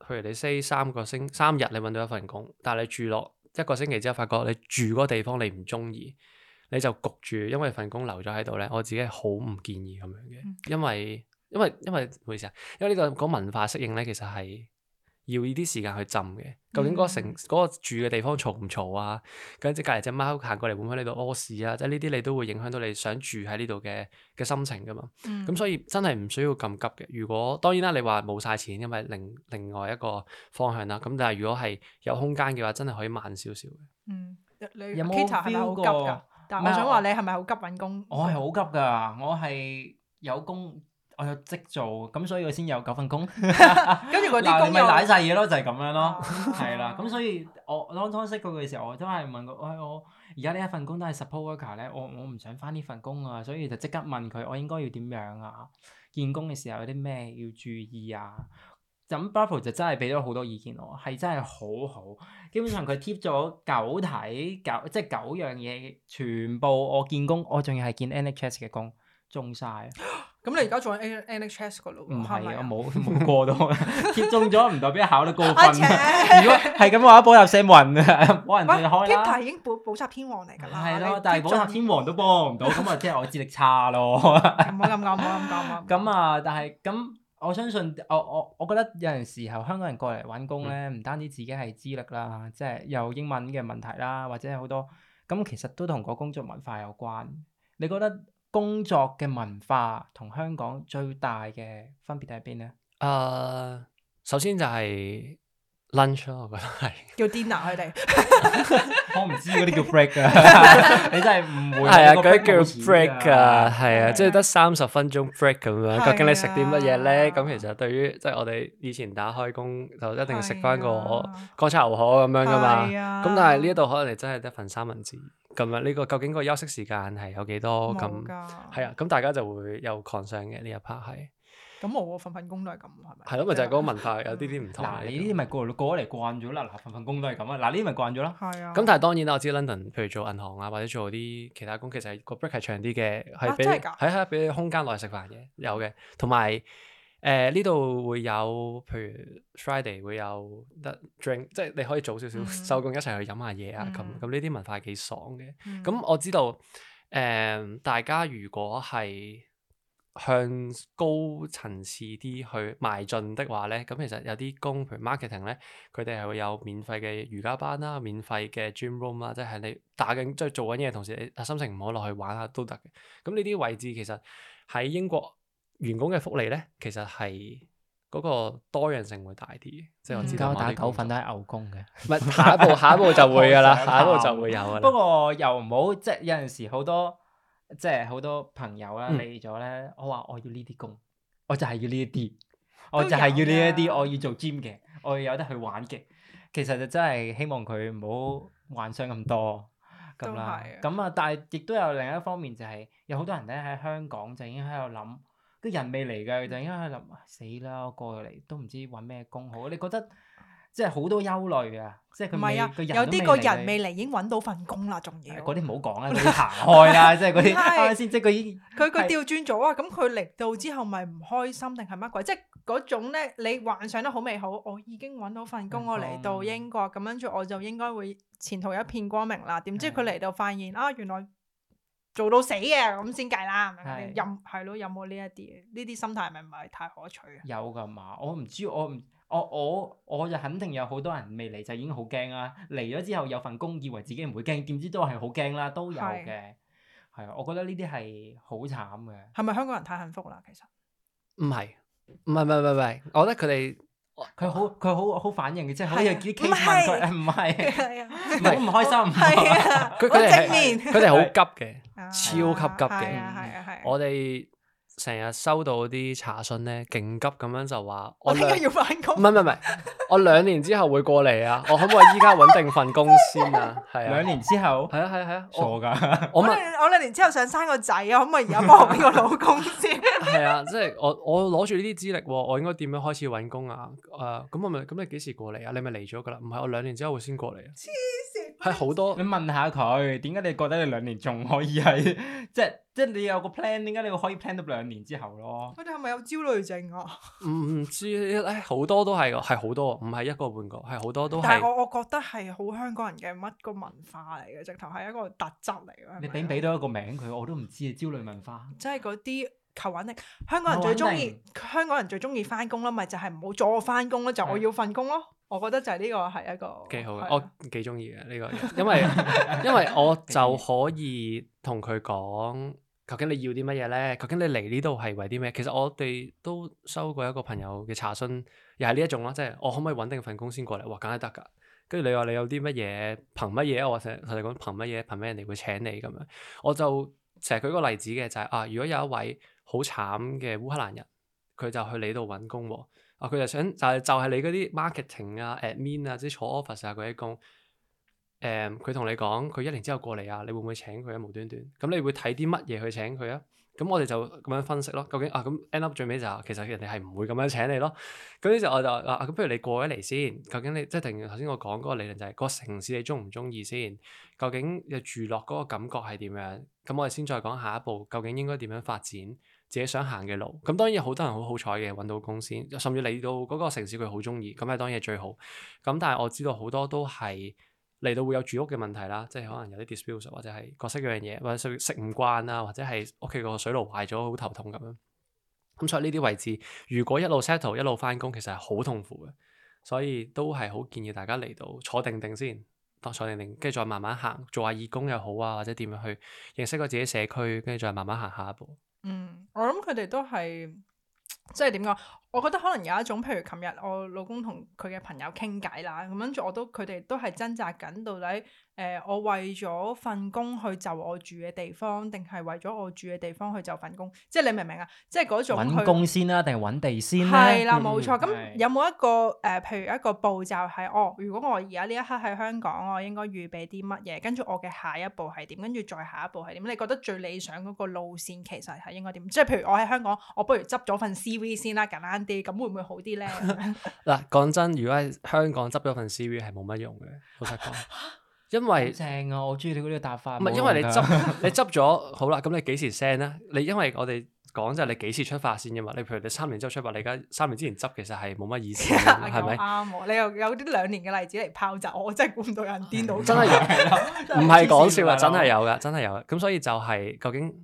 Speaker 2: 譬如你 say 三個星三日，你搵到一份工，但係你住落一個星期之後，發覺你住嗰個地方你唔中意。你就焗住，因為份工留咗喺度咧，我自己好唔建議咁樣嘅，因為因為因為，唔好意思啊，因為呢個講文化適應咧，其實係要呢啲時間去浸嘅。究竟嗰個城嗰個、嗯、住嘅地方嘈唔嘈啊？跟住隔離隻貓行過嚟會唔會喺呢度屙屎啊？即係呢啲你都會影響到你想住喺呢度嘅嘅心情噶嘛。咁、嗯嗯、所以真係唔需要咁急嘅。如果當然啦，你話冇晒錢，因為另另外一個方向啦。咁但係如果係有空間嘅話，真係可以慢少少嘅。嗯，
Speaker 1: 你、啊、有有 Kita 係咪好急㗎？我想話你係咪好急揾工、啊？我
Speaker 3: 係好急噶，我係有工，我有職做，咁所以我先有九份工，跟住嗰啲工又賴晒嘢咯，就係、是、咁樣咯，係 啦。 咁所以我當初識佢嘅時候，我都係問佢，喂、哎，我而家呢一份工都係 support worker 咧，我我唔想返呢份工啊，所以就即刻問佢，我應該要點樣啊？見工嘅時候有啲咩要注意啊？咁 Brova、嗯、就真係俾咗好多意見我，係真係好好。基本上佢貼咗九題九，即係九樣嘢全部我見工，我仲要係見 NHS 嘅工，中晒。
Speaker 1: 咁你而家仲喺 NHS 是 s 嗰度？唔係，我
Speaker 3: 冇冇過到， 貼中咗唔代表考得高分。 啊、如果係咁嘅話，補習社冇人，冇人可開啦。貼題已
Speaker 1: 經補補習天王嚟
Speaker 3: 噶啦。係咯的，但係補習天王都幫唔到，咁啊即係我智力差咯。唔好咁啱，唔好咁講。咁啊， 但係咁。我相信我我我覺得有陣時候香港人過嚟搵工咧，唔單止自己係資歷啦，即係有英文嘅問題啦，或者好多咁，其實都同個工作文化有關。你覺得工作嘅文化同香港最大嘅分別喺邊咧？
Speaker 2: 誒、呃，首先就係、是。lunch 我覺得係
Speaker 3: 叫
Speaker 1: dinner 佢哋，
Speaker 3: 我唔知嗰啲叫 break 啊，你真係唔會係啊，嗰啲叫 break 啊，
Speaker 2: 係啊，即係得三十分鐘 break 咁樣。究竟你食啲乜嘢咧？咁其實對於即係我哋以前打開工就一定食翻個乾炒牛河咁樣噶嘛。咁但係呢一度可能你真係得份三文治咁樣。呢個究竟個休息時間係有幾多？咁係啊。咁大家就會有 con 上嘅呢一 part 係。
Speaker 1: 咁我份份工都係咁，
Speaker 2: 係咪？係咯，咪就係、是、嗰個文化有啲啲唔同。嗱、嗯，呢啲咪過過咗嚟慣咗啦，嗱，份份工都係咁啊，嗱呢啲咪慣咗咯。係啊。咁但係當然啦，我知 London，譬如做銀行啊，或者做啲其他工，其實個 break 係長啲嘅，係俾，係係俾你空間來食飯嘅，有嘅。同埋誒呢度會有，譬如 Friday 會有得 drink，即係你可以早少少收工一齊、嗯、去飲下嘢啊，咁咁呢啲文化係幾爽嘅。咁、嗯嗯、我知道誒、呃，大家如果係，向高層次啲去邁進的話咧，咁其實有啲工，譬如 marketing 咧，佢哋係會有免費嘅瑜伽班啦、免費嘅 gym room 啦，即係你打緊即係做緊嘢，同時你啊心情唔好落去玩下都得嘅。咁呢啲位置其實喺英國員工嘅福利咧，其實係嗰個多樣性會大啲嘅。嗯、即係我知道多打狗粉都係
Speaker 3: 牛工嘅。唔係，下一步， 下一步就會噶啦， 玩下一步就會有啦。不過又唔好，即係有陣時好多。即係好多朋友啦嚟咗咧，嗯、我話我要呢啲工，我就係要呢一啲，我就係要呢一啲，我要做 gym 嘅，我要有得去玩嘅。其實就真係希望佢唔好幻想咁多咁啦。咁啊、嗯樣，但係亦都有另一方面、就係，就係有好多人呢喺香港就已經喺度諗，佢人未嚟㗎，就已經喺度諗死啦，我過嚟都唔知揾咩工好。你覺得？即係好多憂慮嘅，即係佢唔係啊，有啲個人未
Speaker 1: 嚟已經揾到份工啦，仲要嗰啲唔好講啦，你
Speaker 3: 行開啦，即係嗰啲係咪先？即係佢已
Speaker 1: 佢佢調轉咗啊！咁佢嚟到之後，咪唔開心定係乜鬼？即係嗰種咧，你幻想得好美好，我已經揾到份工，我嚟到英國，咁跟住我就應該會前途一片光明啦。點知佢嚟到發現啊，原來做到死嘅咁先計啦，咁樣有咯？有冇呢一啲呢啲心態，係咪唔係太可取啊？
Speaker 3: 有噶嘛？我唔知我唔。我我我就肯定有好多人未嚟就已經好驚啦，嚟咗之後有份工，以為自己唔會驚，點知都係好驚啦，都有嘅，係啊，我覺得呢啲係好慘嘅。
Speaker 1: 係咪香港人太幸福啦？其實
Speaker 3: 唔係，
Speaker 2: 唔係，唔係，唔係，我
Speaker 3: 覺得佢哋佢好佢好好反應嘅，即係好似有啲驚訝，唔係唔好
Speaker 2: 唔開心，係啊，佢哋佢哋好急嘅，超級急嘅，我哋。成日收到啲查詢咧，勁急咁樣就話我依家要翻工，唔係唔係唔係，我兩年之後會過嚟啊！我可唔可以依家搵定份工先啊？係兩年之後？係啊係係啊，傻噶！我兩年
Speaker 1: 我兩年之後想生個仔啊，可唔可以而家幫我
Speaker 2: 搵個老公先？係 啊，即係我我攞住呢啲資歷，我應該點樣開始搵工啊？誒、呃，咁我咪咁你幾時過嚟啊？你咪嚟咗噶啦，唔係我兩年之後會先過嚟。啊。黐線，係好多你問下佢，點解你覺得你兩年仲可以係即係？即係你有個 plan，點解你可以 plan 到兩年之後咯？
Speaker 1: 佢哋係咪有焦慮症啊？
Speaker 2: 唔、嗯、知咧，好多都係嘅，係好多，唔係一個半個，係好多都係。但
Speaker 1: 係我我覺得係好香港人嘅乜個文化嚟嘅，直頭係一個特質嚟嘅。係咪？你點
Speaker 2: 俾到一個名佢，我都唔知焦慮文化。
Speaker 1: 即係嗰啲求穩定，香港人最鍾意，香港人最鍾意返工啦，咪就係唔好阻我返工啦，就是要我，就是、我要份工咯。的我覺得就係呢個係一個幾好，嘅的，我
Speaker 2: 幾鍾意嘅呢個，因為， 因為因為我就可以同佢講。究竟你要啲乜嘢咧？究竟你嚟呢度係為啲咩？其實我哋都收過一個朋友嘅查詢，又係呢一種咯，即係我可唔可以搵定份工先過嚟？哇，梗係得㗎！跟住你話你有啲乜嘢憑乜嘢？我話成日同你講憑乜嘢？憑咩人哋會請你咁樣？我就成日舉個例子嘅，就係啊，如果有一位好慘嘅烏克蘭人，佢就去你度揾工喎，啊佢就想就係就係你嗰啲 marketing 啊、admin 啊、即係坐 office 啊嗰啲工。誒，佢同、嗯、你講佢一年之後過嚟啊，你會唔會請佢啊？無端端，咁、嗯、你會睇啲乜嘢去請佢啊？咁、嗯、我哋就咁樣分析咯。究竟啊，咁 end up 最尾就其實人哋係唔會咁樣請你咯。咁呢就我就啊，咁不如你過一嚟先。究竟你即係頭先我講嗰個理論就係、個城市你中唔中意先？究竟你住落嗰個感覺係點樣？咁、嗯、我哋先再講下一步究竟應該點樣發展自己想行嘅路。咁、嗯、當然好多人好好彩嘅揾到工先，甚至你到嗰個城市佢好中意，咁係當然最好。咁但係我知道好多都係。嚟到會有住屋嘅問題啦，即係可能有啲 dispute 或者係角色嗰樣嘢，或者食唔慣啊，或者係屋企個水爐壞咗好頭痛咁樣。咁所以呢啲位置，如果一路 settle 一路返工，其實係好痛苦嘅。所以都係好建議大家嚟到坐定定先，當坐定定，跟住再慢慢行，做下義工又好啊，或者點樣去認識個自己社區，跟住再慢慢行下一步。嗯，
Speaker 1: 我諗佢哋都係即係點講？我覺得可能有一種，譬如琴日我老公同佢嘅朋友傾偈啦，咁跟住我都佢哋都係掙扎緊到底，誒、呃、我為咗份工去就我住嘅地方，定係為咗我住嘅地方去就份工？即係你明唔明啊？即係嗰種搵工
Speaker 3: 先啦，定係搵地先、啊？係啦，冇錯。咁
Speaker 1: 有冇一個誒、呃，譬如一個步驟係，哦，如果我而家呢一刻喺香港，我應該預備啲乜嘢？跟住我嘅下一步係點？跟住再下一步係點？你覺得最理想嗰個路線其實係應該點？即係譬如我喺香港，我不如執咗份 CV 先啦、啊，咁啦。咁會唔會好啲咧？
Speaker 2: 嗱，講真，如果喺香港執咗份 CV 係冇乜用嘅，老實講，因為
Speaker 3: 正啊，我中意你嗰啲答法。唔係，因為你執
Speaker 2: 你執咗好啦，咁你幾時 send 咧？你因為我哋講就係你幾時出發先嘅嘛？你譬如你三年之後出發，你而家三年之前執，其實係冇乜意思，係咪？
Speaker 1: 啱，你又有啲兩年嘅例子嚟拋扎，我真係估唔到有人癲到咁，真係有，唔係講笑啦，真係
Speaker 2: 有噶，真係有噶。咁所以就係、是、究竟，誒、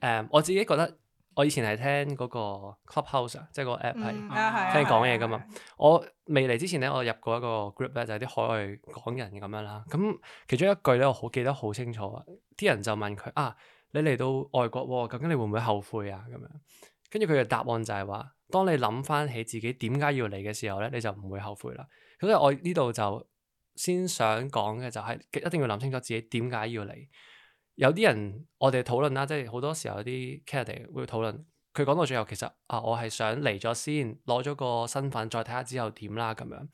Speaker 2: 嗯，我自己覺得。我以前係聽嗰個 Clubhouse，即係個 app 係、嗯、聽講嘢噶嘛。嗯、我未嚟之前咧，我入過一個 group 咧，就係啲海外港人咁樣啦。咁其中一句咧，我好記得好清楚。啲人就問佢啊，你嚟到外國喎，究竟你會唔會後悔啊？咁樣跟住佢嘅答案就係、係、話，當你諗翻起自己點解要嚟嘅時候咧，你就唔會後悔啦。咁所以我呢度就先想講嘅就係，一定要諗清楚自己點解要嚟。有啲人我哋討論啦，即係好多時候有啲 candidate 會討論，佢講到最後其實啊，我係想嚟咗先，攞咗個身份再睇下之後點啦咁樣。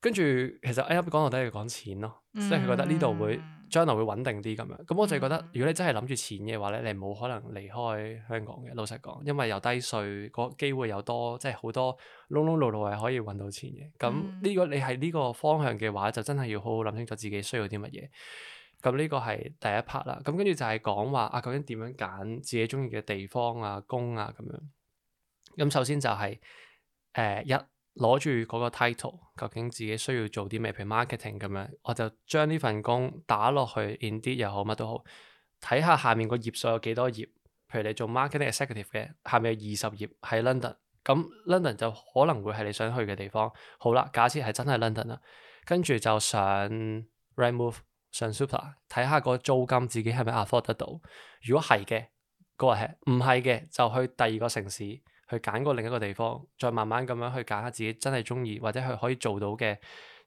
Speaker 2: 跟住其實哎呀講到底係講錢咯，即係佢覺得呢度會將來會穩定啲咁、嗯、樣。咁我就覺得如果你真係諗住錢嘅話咧，你冇可能離開香港嘅。老實講，因為又低稅，個機會又多，即係好多窿窿路路係可以揾到錢嘅。咁呢、嗯，個你係呢個方向嘅話，就真係要好好諗清楚自己需要啲乜嘢。咁呢個係第一 part 啦，咁跟住就係講話啊，究竟點樣揀自己鍾意嘅地方啊，工啊咁樣。咁首先就係、是、誒、呃、一攞住嗰個 title，究竟自己需要做啲咩？譬如 marketing 咁樣，我就將呢份工打落去 Indeed 又好，乜都好，睇下下面個頁數有幾多頁。譬如你做 marketing executive 嘅，下面有二十頁喺 London，咁 London 就可能會係你想去嘅地方。好啦，假設係真係 London 啦，跟住就上 remove。上 super 睇下個租金自己係咪 afford 得到，如果係嘅，嗰個係，唔係嘅就去第二個城市去揀個另一個地方，再慢慢咁樣去揀下自己真係中意或者係可以做到嘅誒、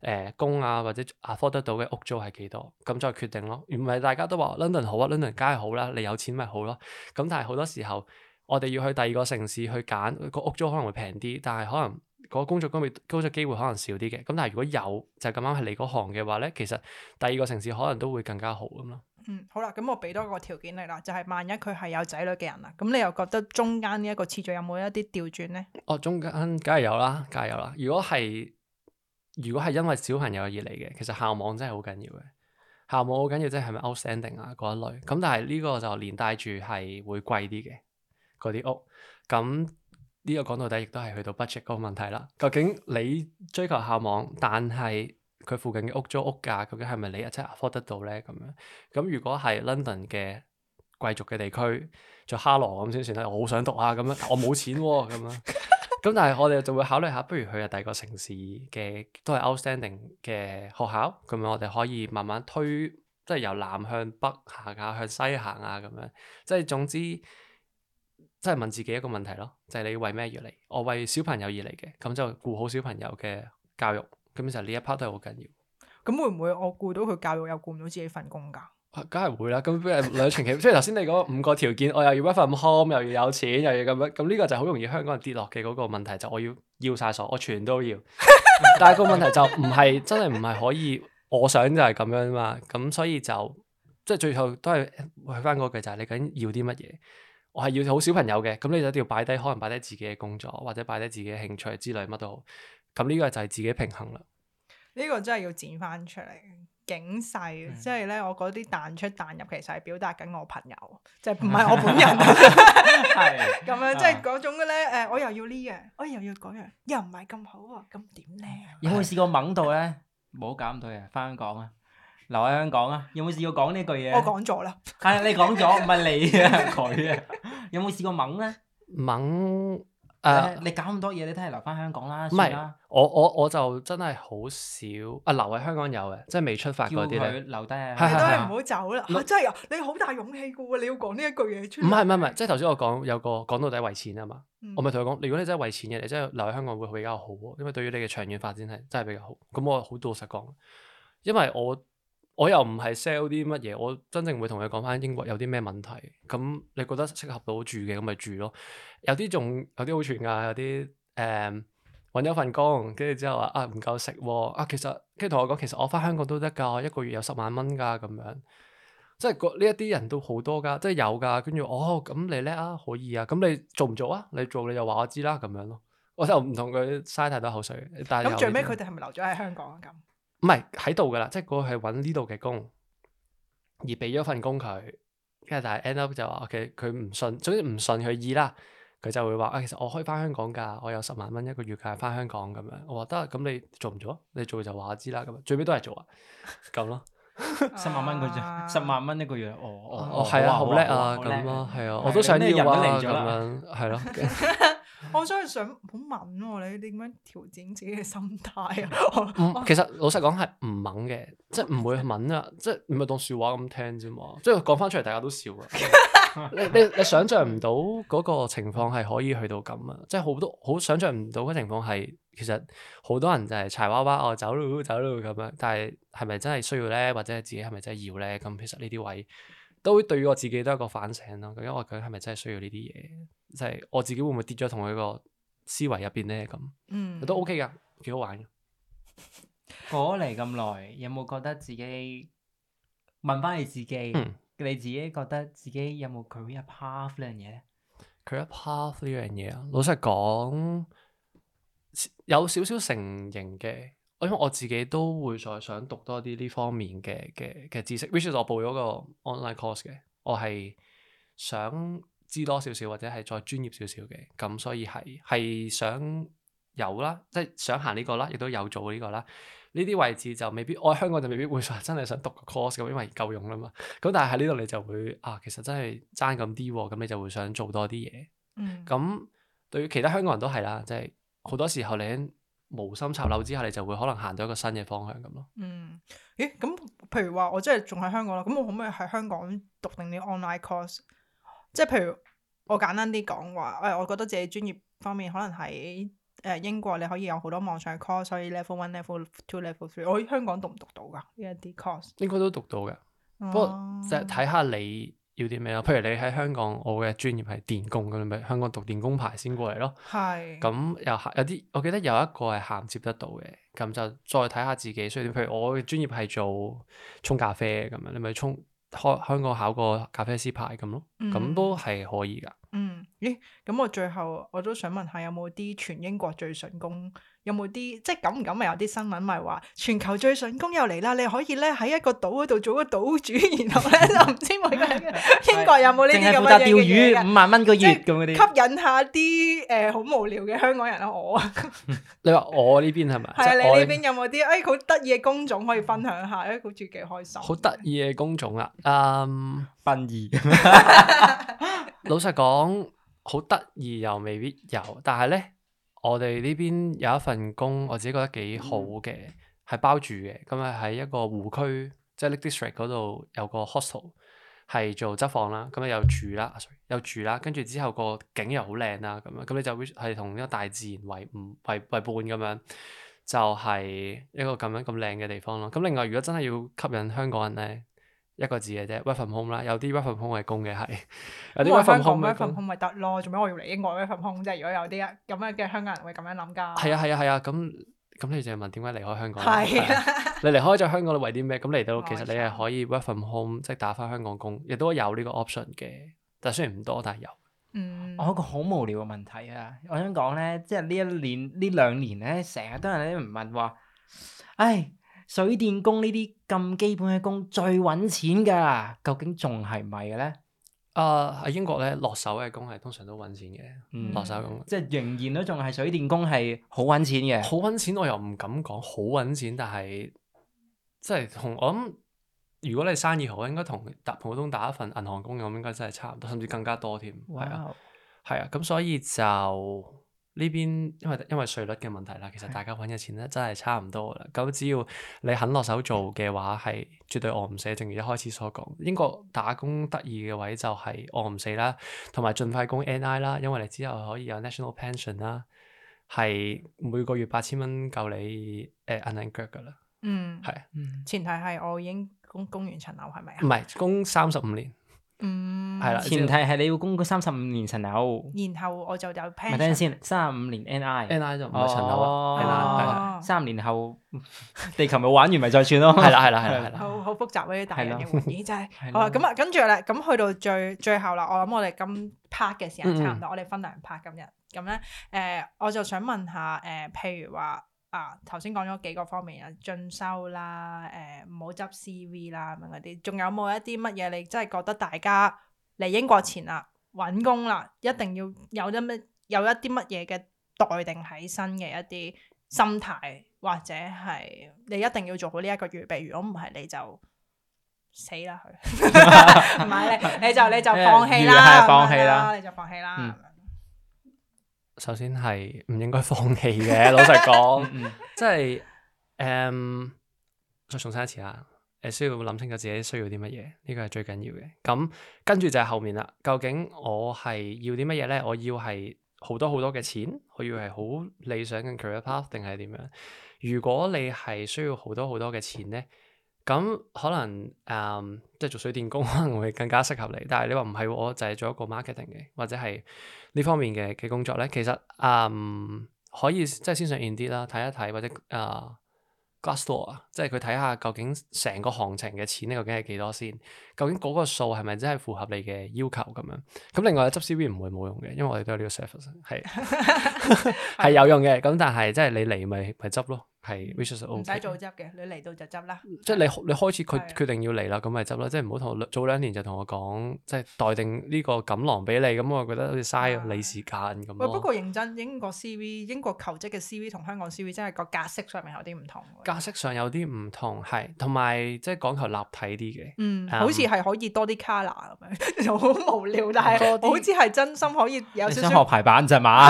Speaker 2: 呃、工啊，或者 afford 得到嘅屋租係幾多，咁再決定咯。而唔係大家都話 London 好啊，London 梗係好啦，你有錢咪好咯。咁但係好多時候我哋要去第二個城市去揀個屋租可能會平啲，但係可能。個工作機會，工作機會可能少啲嘅。咁但係如果有就咁啱係你嗰行嘅話咧，其實第二個城市可能都會更加好咁咯。嗯，
Speaker 1: 好啦，咁我俾多個條件你啦，就係萬一佢係有仔女嘅人啦，咁你又覺得中間呢一個次序有冇一啲調轉咧？
Speaker 2: 哦，中間梗係有啦，梗係有啦。如果係如果係因為小朋友而嚟嘅，其實校網真係好緊要嘅，校網好緊要即係咪 outstanding 啊嗰一類。咁但係呢個就連帶住係會貴啲嘅嗰啲屋咁。呢個講到底亦都係去到 budget 嗰個問題啦。究竟你追求校網，但係佢附近嘅屋租屋價，究竟係咪你一齊 afford 得到咧？咁樣咁如果係 London 嘅貴族嘅地區，做哈羅咁先算啦。我好想讀啊，咁樣我冇錢喎，啊，咁樣咁 但係我哋就會考慮下，不如去下第二個城市嘅都係 outstanding 嘅學校，咁樣我哋可以慢慢推，即係由南向北行啊，向西行啊，咁樣，咁樣即係總之。真係問自己一個問題咯，就係、是、你為咩而嚟？我為小朋友而嚟嘅，咁就顧好小朋友嘅教育，咁其實呢一 part 都係好緊要。
Speaker 1: 咁會唔會我顧到佢教育，又顧唔到自己份工噶？
Speaker 2: 梗係會啦。咁誒兩全其，即係頭先你講五個條件，我又要一份 home，又要有錢，又要咁樣，咁呢個就好容易香港人跌落嘅嗰個問題，就我要要晒所，我全都要。 但係個問題就唔係真係唔係可以，我想就係咁樣嘛。咁所以就即係、就是、最後都係去返嗰句，就係你究竟要啲乜嘢？我係要好小朋友嘅，咁你就一定要擺低，可能擺低自己嘅工作，或者擺低自己嘅興趣之類，乜都好。咁呢個就係自己平衡啦。
Speaker 1: 呢個真係要剪翻出嚟，景勢、嗯、即係咧，我嗰啲彈出彈入，其實係表達緊我朋友，就唔係我本人。係咁樣，即係嗰種嘅咧。誒，我又要呢樣，我又要嗰樣，樣，又唔係咁好，咁
Speaker 3: 點咧？有冇試過掹到咧？冇搞唔到嘅，翻港啊！留喺香港啊？有冇試過講呢句嘢？我講咗啦。係啊，你講咗，唔係你啊，佢啊？
Speaker 2: 有冇試過猛啊？猛誒！
Speaker 3: 你搞咁多嘢，你都係留返香港啦，算啦。
Speaker 2: 我我我就真係好少啊，留喺香港有嘅，即係未出發嗰啲，留低啊，係係，唔好
Speaker 1: 走啦！真係啊，你好大勇氣嘅喎，你要講呢一句嘢出嚟。唔係唔係
Speaker 2: 唔係，即係頭先我講有個講到底為錢啊嘛，我咪同佢講，如果你真係為錢嘅，你真係留喺香港會比較好，因為對於你嘅長遠發展係真係比較好。咁我好老實講，因為我。我又唔係 sell 啲乜嘢，我真正會同你講翻英國有啲咩問題。咁你覺得適合到住嘅，咁咪住咯。有啲仲有啲好串噶，有啲誒揾咗份工，跟住之後話啊唔夠食喎，啊，啊其實跟住同我講，其實我翻香港都得噶，我一個月有十萬蚊噶咁樣。即係呢一啲人都好多噶，即係有噶。跟住哦，咁你叻啊，可以啊。咁你做唔做啊？你做你就話我知啦咁樣咯。我就唔同佢嘥太多口水。但係咁最尾佢
Speaker 1: 哋係咪留咗喺香港啊？咁？
Speaker 2: 唔係喺度噶啦，即係佢係揾呢度嘅工，而俾咗份工佢。跟住但係 end up 就話，OK，佢唔信，總之唔信佢意啦。佢就會話，啊，其實我可以翻香港噶，我有十萬蚊一個月，介翻香港咁樣。我話得，咁你做唔做？你做就話我知啦。咁最尾都係做啊，咁咯。
Speaker 3: 十萬蚊嗰種，十萬蚊一個月，哦哦，係啊，好叻啊，咁咯，係啊，我都想要你。咁樣，係咯。
Speaker 1: 我真想想好悶喎，你點樣調整自己嘅心態啊、？ 嗯，其實
Speaker 2: 老實講係唔悶嘅，即係唔會悶啊，即係唔係當笑話咁聽啫嘛。即係講翻出嚟，大家都笑啊！ 你你你想象唔到嗰個情況係可以去到咁啊！即係好多好想象唔到嘅情況係，其實好多人就係柴娃娃哦，走咯走咯咁樣。但係係咪真係需要咧？或者自己係咪真係要咧？咁其實呢啲位。都會對於我自己都有一個反省咯、啊，咁因為佢係咪真係需要呢啲嘢，即、就、係、是、我自己會唔會跌咗同佢個思維入邊咧咁？嗯，都 OK 噶，幾好玩嘅。過嚟咁耐，有冇覺得自己
Speaker 3: 問翻你自己，嗯、你自己覺得自己有冇 career path
Speaker 2: 呢樣嘢？career path 呢樣嘢啊，嗯、老實講有少少成型嘅。我因為我自己都會再想讀多啲呢方面嘅嘅嘅知識 which is 我報咗個 online course 嘅，我係想知多少少或者係再專業少少嘅，咁所以係係想有啦，即係想行呢個啦，亦都有做呢個啦。呢啲位置就未必，我喺香港就未必會話真係想讀個 course 咁，因為夠用啦嘛。咁但係喺呢度你就會啊，其實真係爭咁啲喎，咁你就會想做多啲嘢。嗯，咁對於其他香港人都係啦，即係好多時候你。無心插柳之下，你就會可能行到一個新嘅方向咁咯。嗯，
Speaker 1: 誒，咁譬如話我即係仲喺香港啦，咁我可唔可以喺香港讀定啲 online course？即係譬如我簡單啲講話，誒、哎，我覺得自己專業方面可能喺誒英國你可以有好多網上嘅 course，所以 level one、level two、level three，我喺香港讀唔讀到噶呢一啲 course？
Speaker 2: 應該都讀到嘅，不過就睇下你。嗯要啲咩咯？譬如你喺香港，我嘅專業係電工咁，你咪香港讀電工牌先過嚟咯。咁又係有啲，我記得有一個係銜接得到嘅，咁就再睇下自己需要。所以譬如我嘅專業係做沖咖啡咁樣，你咪沖開香港考個咖啡師牌咁咯，咁、嗯、都係可以㗎。嗯
Speaker 1: 咁我最後我都想問下，有冇啲全英國最筍工？有冇啲即係感唔感咪有啲新聞咪話全球最筍工又嚟啦？你可以咧喺一個島嗰度做個島主，然後咧就唔知乜嘢。英國有冇呢啲咁嘅嘢嘅？釣魚
Speaker 3: 五
Speaker 2: 萬蚊個月咁嗰啲，吸
Speaker 1: 引一下啲誒好無聊嘅香港人 啊！我
Speaker 2: 你話我呢邊係咪？係你呢邊
Speaker 1: 有冇啲誒好得意嘅工種可以分享下？咧好似幾
Speaker 2: 開心，好得意嘅工種啊！嗯、um, 殯儀，殯儀。老實講。好得意又未必有，但係咧，我哋呢邊有一份工，我自己覺得幾好嘅，係、嗯、包住嘅。咁啊喺一個湖區，即、就、係、是、Lake District 嗰度有個 hostel，係做執房啦。咁啊又住啦，啊、sorry, 又住啦。跟住之後個景又好靚啦，咁樣咁你就會係同一個大自然為唔為為伴咁樣，就係、是、一個咁樣咁靚嘅地方咯。咁另外如果真係要吸引香港人咧，一個字嘅啫 work from home 啦 港，有啲 work from home 係公嘅，係有啲 work from home work from home
Speaker 1: 咪得咯，做咩我要嚟英國 work from home？即係如果有啲咁樣嘅香港人會咁樣諗噶？係啊係
Speaker 2: 啊係啊，咁咁、啊啊、你就問點解離開香港？係 啊，你離開咗香港你為啲咩？咁嚟到其實你係可以 work from home，即係打翻香港工，亦都有呢個 option 嘅，但係雖然唔多，但係有。
Speaker 3: 嗯，我一個好無聊嘅問題啊，
Speaker 2: 我想講咧，即係呢一年，兩年呢兩年
Speaker 3: 咧，成日都係啲人唔問話，唉。水電工呢啲咁基本嘅工最搵錢噶，究竟仲係唔係嘅咧？誒，喺英國咧，落
Speaker 2: 手嘅工係通常都搵錢嘅，落、嗯、手嘅工嘅即係仍然都仲係水電工係好搵錢嘅。好搵錢我又唔敢講好搵錢，但係即係同我諗，如果你生意好，應該同打普通打一份銀行工咁應該真係差唔多，甚至更加多添。哇！係啊，咁、啊、所以就。呢邊因為因為稅率嘅問題啦，其實大家揾嘅錢咧真係差唔多噶啦。咁的只要你肯落手做嘅話，係絕對餓唔死。正如一開始所講，英國打工得意嘅位就係餓唔死啦，同埋盡快供 NI 啦，因為你之後可以有 National Pension 啦，係每個月八千蚊夠你誒 under 腳噶啦。Uh, er、嗯，係
Speaker 1: 啊是，前提係我已經供供完層樓係咪啊？
Speaker 2: 唔係供三十五年。嗯，係啦，前提係你要供個
Speaker 3: 三十五年層樓，
Speaker 1: 然後我就有、哎。plan 先，三
Speaker 3: 十五年 NI，NI 就唔係層樓啊，係啦係啦，三年後地球咪玩完咪再算咯，係啦係啦係啦。好
Speaker 1: 好複雜呢啲大人嘅玩意就係。好啊，咁啊，跟住咧，咁去到最最後啦，我諗我哋咁 part 嘅時間差唔多，我哋分兩 part 今日，咁咧，誒，我就想問下，誒，譬如話。啊！頭先講咗幾個方面啊，進修啦，誒、呃，唔好執 CV 啦，咁嗰啲，仲有冇一啲乜嘢？你真係覺得大家嚟英國前啦，搵工啦，一定要有一乜，有一啲乜嘢嘅待定喺身嘅一啲心態，或者係你一定要做好呢一個預備。如果唔係，你就死啦佢，唔係你你就你就放棄啦，放棄啦，你就放棄
Speaker 2: 啦。首先係唔應該放棄嘅， 老實講， 即係，誒，再重申一次啊，誒，需要諗清楚自己需要啲乜嘢，呢個係最緊要嘅。咁跟住就係後面啦，究竟我係要啲乜嘢咧？我要係好多好多嘅錢，我要係好理想嘅 career path 定係點樣？如果你係需要好多好多嘅錢咧？咁可能誒、呃，即係做水電工可能會更加適合你。但係你話唔係，我就係做一個 marketing 嘅，或者係呢方面嘅嘅工作咧。其實誒、呃，可以即係先上 Indeed 啦，睇一睇或者誒、呃、Glassdoor 啊，即係佢睇下究竟成個行情嘅錢，究竟係幾多先？究竟嗰個數係咪真係符合你嘅要求咁樣？咁另外執 CV 唔會冇用嘅，因為我哋都有呢個 service，係係 有用嘅。咁但係即係你嚟咪咪執咯。係，唔使早執
Speaker 1: 嘅，你嚟到就
Speaker 2: 執啦。即係你你開始佢決定要嚟啦，咁咪執啦。即係唔好同早兩年就同我講，即係待定呢個錦囊俾你，咁我覺得好似嘥你時間咁。不過
Speaker 1: 認真英國 CV 英國求職嘅 CV 同香港 CV 真係個格式上面有啲唔同。
Speaker 2: 格式上有啲唔同係，同埋即係講求立體啲嘅。嗯，好似
Speaker 1: 係可以多啲 colour 咁樣，好無聊，但係好似係真心可以有少少。想學
Speaker 2: 排版啫嘛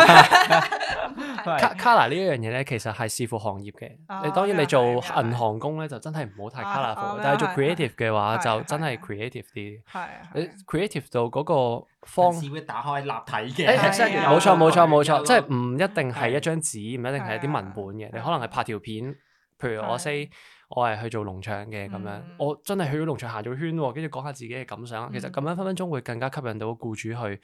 Speaker 2: ？colour 呢一樣嘢咧，其實係視乎行業嘅。你當然你做銀行工咧，就真係唔好太 colourful。但係做 creative 嘅話，就真係 creative 啲。係你 creative 到嗰個方，紙會
Speaker 3: 打開立體嘅。冇錯冇錯冇錯，即係
Speaker 2: 唔一定係一張紙，唔一定係一啲文本嘅。你可能係拍條片，譬如我 say，我係去做農場嘅咁樣，我真係去咗農場行咗圈，跟住講下自己嘅感想。其實咁樣分分鐘會更加吸引到僱主去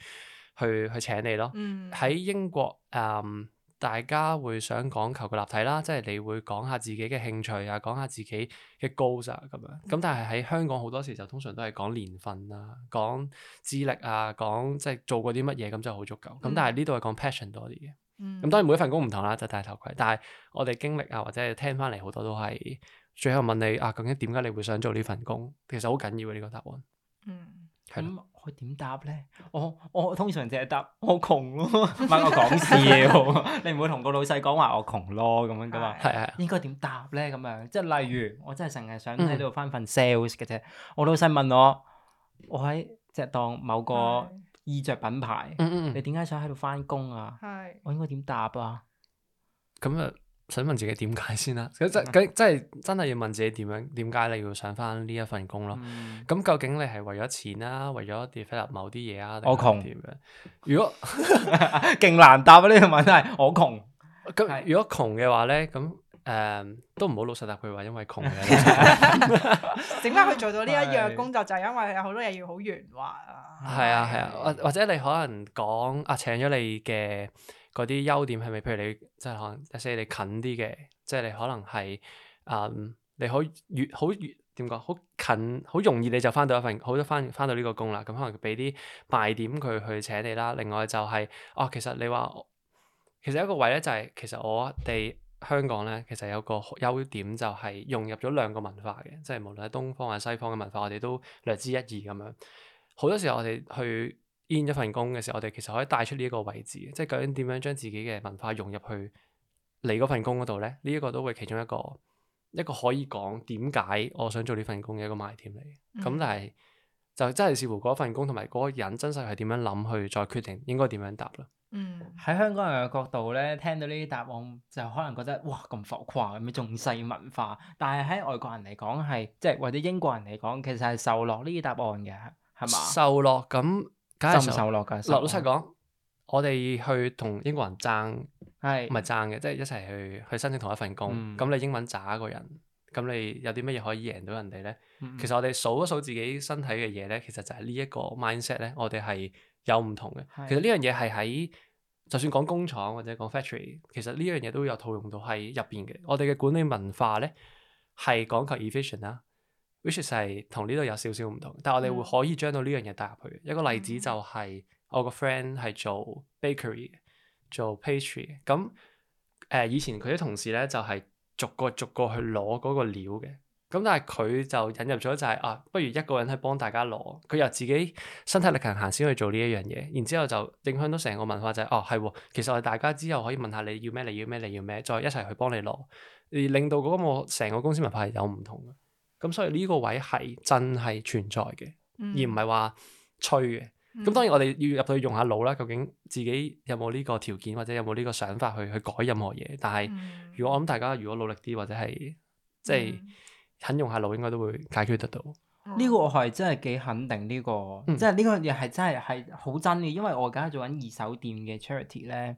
Speaker 2: 去去請你咯。嗯，喺英國誒。大家會想講求個立體啦，即係你會講下自己嘅興趣啊，講下自己嘅 goals 啊咁樣。咁但係喺香港好多時就通常都係講年份啊，講資歷啊，講即係做過啲乜嘢咁就好足夠。咁但係呢度係講 passion 多啲嘅。咁當然每一份工唔同啦，就戴頭盔。但係我哋經歷啊，或者係聽翻嚟好多都係最後問你啊，究竟點解你會想做呢份工？其實好緊要嘅呢個答案。嗯，
Speaker 3: 係咯。嗯。佢點答咧？我我通常淨係答我窮咯、喔，唔係，我講笑，你唔會同個老細講話我窮咯咁樣噶嘛？係係。應該點答咧？咁樣即係例如，我真係成日想喺度翻份 sales 嘅啫。我老細問我，我喺即係當某個衣着品
Speaker 2: 牌，你
Speaker 3: 點解想喺度翻工啊？係，我應該點答啊？咁啊？ 嗯
Speaker 2: 嗯嗯想問自己點解先啦？咁即係真係要問自己點樣點解你要上翻呢一份工咯？咁、嗯、究竟你係為咗錢啊，為咗建立某啲嘢啊？定係我窮點樣？如果勁 難答呢、呢個問題，我窮。咁如果窮嘅話咧，咁誒、呃、都唔好老實答佢話，因為窮。點解佢做到呢一樣工
Speaker 1: 作，就係因為有好多嘢要好圓滑
Speaker 2: 啊。係啊係啊，或的或者你可能講啊請咗你嘅。嗰啲優點係咪？譬如你即係可能，即係你近啲嘅，即係你可能係啊、嗯，你可以越好越點講，好近好容易你就翻到一份，好翻翻到呢個工啦。咁可能俾啲賣點佢去請你啦。另外就係、是、啊、哦，其實你話其實一個位咧、就是，就係其實我哋香港咧，其實有個優點就係融入咗兩個文化嘅，即係無論係東方啊西方嘅文化，我哋都略知一二咁樣。好多時候我哋去 in 一份工嘅時候，我哋其實可以帶出呢一個位置，即係究竟點樣將自己嘅文化融入去嚟嗰份工嗰度咧？呢一個都會其中一個一個可以講點解我想做呢份工嘅一個賣點嚟嘅。咁但係就真係視乎嗰份工同埋嗰個人真實係點樣諗去再決定應該點樣答啦。嗯，
Speaker 3: 喺香港人嘅角度咧，聽到呢啲答案就可能覺得哇咁浮誇，咁嘅中式文化。但係喺外國人嚟講係，即係或者英國人
Speaker 2: 嚟講，其實係受落呢啲答案嘅，係嘛？受落咁。梗係受落㗎！嗱，老實講，我哋去同英國人爭，係唔係爭嘅？即係一齊去去申請同一份工。咁你英文渣個人，咁你有啲乜嘢可以贏到人哋咧？嗯、其實我哋數一數自己身體嘅嘢咧，其實就係呢一個 mindset 咧，我哋係有唔同嘅。是其實呢樣嘢係喺，就算講工廠或者講 factory，其實呢樣嘢都有套用到喺入邊嘅。我哋嘅管理文化咧，係講求 efficient 啊。which 就係同呢度有少少唔同，但係我哋會可以將到呢樣嘢帶入去。一個例子就係、是、我個 friend 係做 bakery，做 pastry。咁誒、呃、以前佢啲同事咧就係、是、逐個逐個去攞嗰個料嘅，咁但係佢就引入咗就係、是、啊，不如一個人去幫大家攞。佢又自己身體力行行先去做呢一樣嘢，然之後就影響到成個文化就係哦係喎，其實我哋大家之後可以問下你要咩，你要咩，你要咩，再一齊去幫你攞，而令到嗰個成個公司文化係有唔同嘅。咁所以呢個位係真係存在嘅，而唔係話吹嘅。咁、嗯、當然我哋要入去用下腦啦，究竟自己有冇呢個條件或者有冇呢個想法去去改任何嘢。但係、嗯、如果我諗大家如果努力啲或者係即係肯用下腦，應該都會解決得到。呢個我係真係幾肯定呢、呢個，嗯、
Speaker 3: 即係呢個嘢係真係係好真嘅，因為我而家做緊二手店嘅 charity 咧。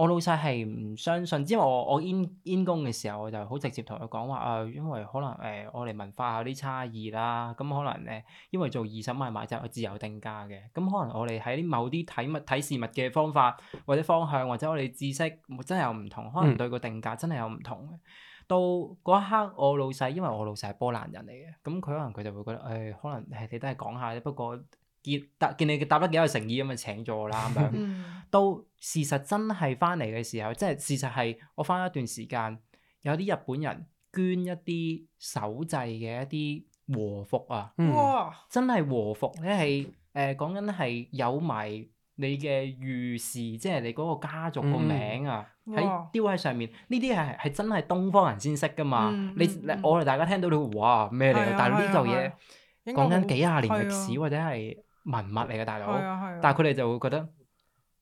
Speaker 3: 我老細係唔相信，因為我我兼兼工嘅時候，我就好直接同佢講話啊，因為可能誒我哋文化有啲差異啦，咁、嗯、可能誒因為做二手買賣就係自由定價嘅，咁、嗯、可能我哋喺某啲睇物睇事物嘅方法或者方向或者我哋知識真係有唔同，可能對個定價真係有唔同，到嗰一刻，我老細因為我老細係波蘭人嚟嘅，咁、嗯、佢可能佢就會覺得誒、哎，可能你哋都係講下啫，不過。見答見你答得幾有誠意咁，咪請咗我啦，咁樣。到事實真係返嚟嘅時候，即係事實係我返咗一段時間，有啲日本人捐一啲手製嘅一啲和服啊。哇真係和服咧，係誒講緊係有埋你嘅御氏，即係你嗰個家族個名啊，喺雕喺上面。呢啲係係真係東方人先識㗎嘛？嗯、你、嗯、我哋大家聽到咧哇咩嚟？但係呢嚿嘢講緊幾廿年歷史或者係。文物嚟嘅大佬，但係佢哋就會覺得 n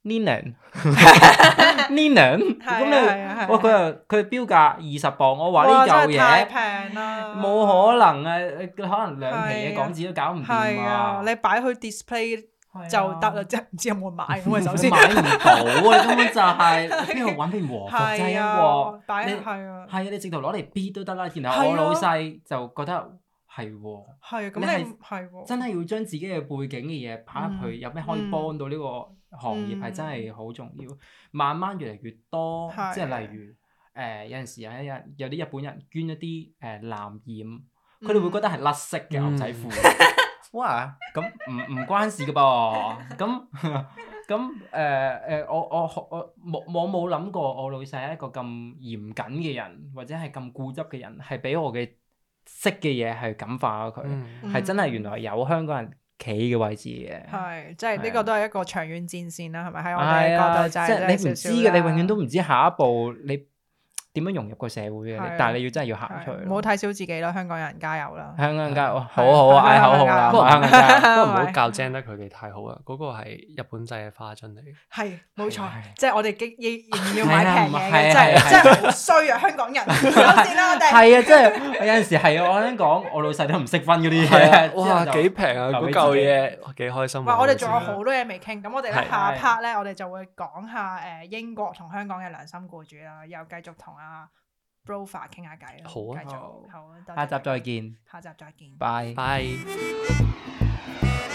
Speaker 3: 呢兩呢兩咁你，哇佢啊佢標價二十磅，我話呢舊嘢，冇可能啊，可能兩皮嘢港紙都搞唔掂嘛。
Speaker 1: 你擺去 display 就得啦，即係唔知有
Speaker 3: 冇人買。首先買唔到啊，根本就係邊度揾邊鑊，真係一鑊擺係啊，係啊，你直頭攞嚟 b 都得啦。然後我老細就覺得。係喎，啊，咁你係真係要將自己嘅背景嘅嘢擺入去，嗯、有咩可以幫到呢個行業係真係好重要。慢慢越嚟越多，的即係例如誒、呃，有陣時有一日有啲日本人捐一啲誒、呃、藍染，佢哋會覺得係甩色嘅牛仔褲。哇、嗯！咁唔唔關事嘅噃。咁咁誒誒，我我我冇我冇諗過，我，我，我，我，我，過我老細係一個咁嚴謹嘅人，或者係咁固執嘅人，係俾我嘅。識嘅嘢係感化咗佢。係、嗯、真係原來有香港人企嘅位置嘅，
Speaker 1: 係即係呢個都係一個長遠戰線啦，係咪？喺我哋角度就係即係、啊、你唔知嘅，少少你永遠
Speaker 3: 都唔知下一步你點樣融入個社會嘅？但係你要真係要行出去。唔
Speaker 1: 好睇小自己啦，香港人加油啦！
Speaker 3: 香港人加油，好好嗌口號啦！香港加油，唔好
Speaker 2: 教精得佢哋太好啊！嗰個係日本製嘅花樽嚟。
Speaker 1: 係冇錯，即係我哋極仍然要買平嘢真係真係好衰啊！香港人，攞錢啦我哋。係啊，
Speaker 3: 即係有陣時係啊！我聽講我老細都唔識分嗰啲。嘢。啊！哇，幾平啊！嗰嚿嘢幾開心
Speaker 2: 唔係，我哋仲有好多嘢未傾。咁我哋咧下 part
Speaker 1: 咧，我哋就會講下誒英國同香港嘅良心僱主啦。又繼續同阿。啊 bro，傾下偈好啊，繼續，好，多謝，下集再見。下集再
Speaker 2: 見，拜拜 Bye。Bye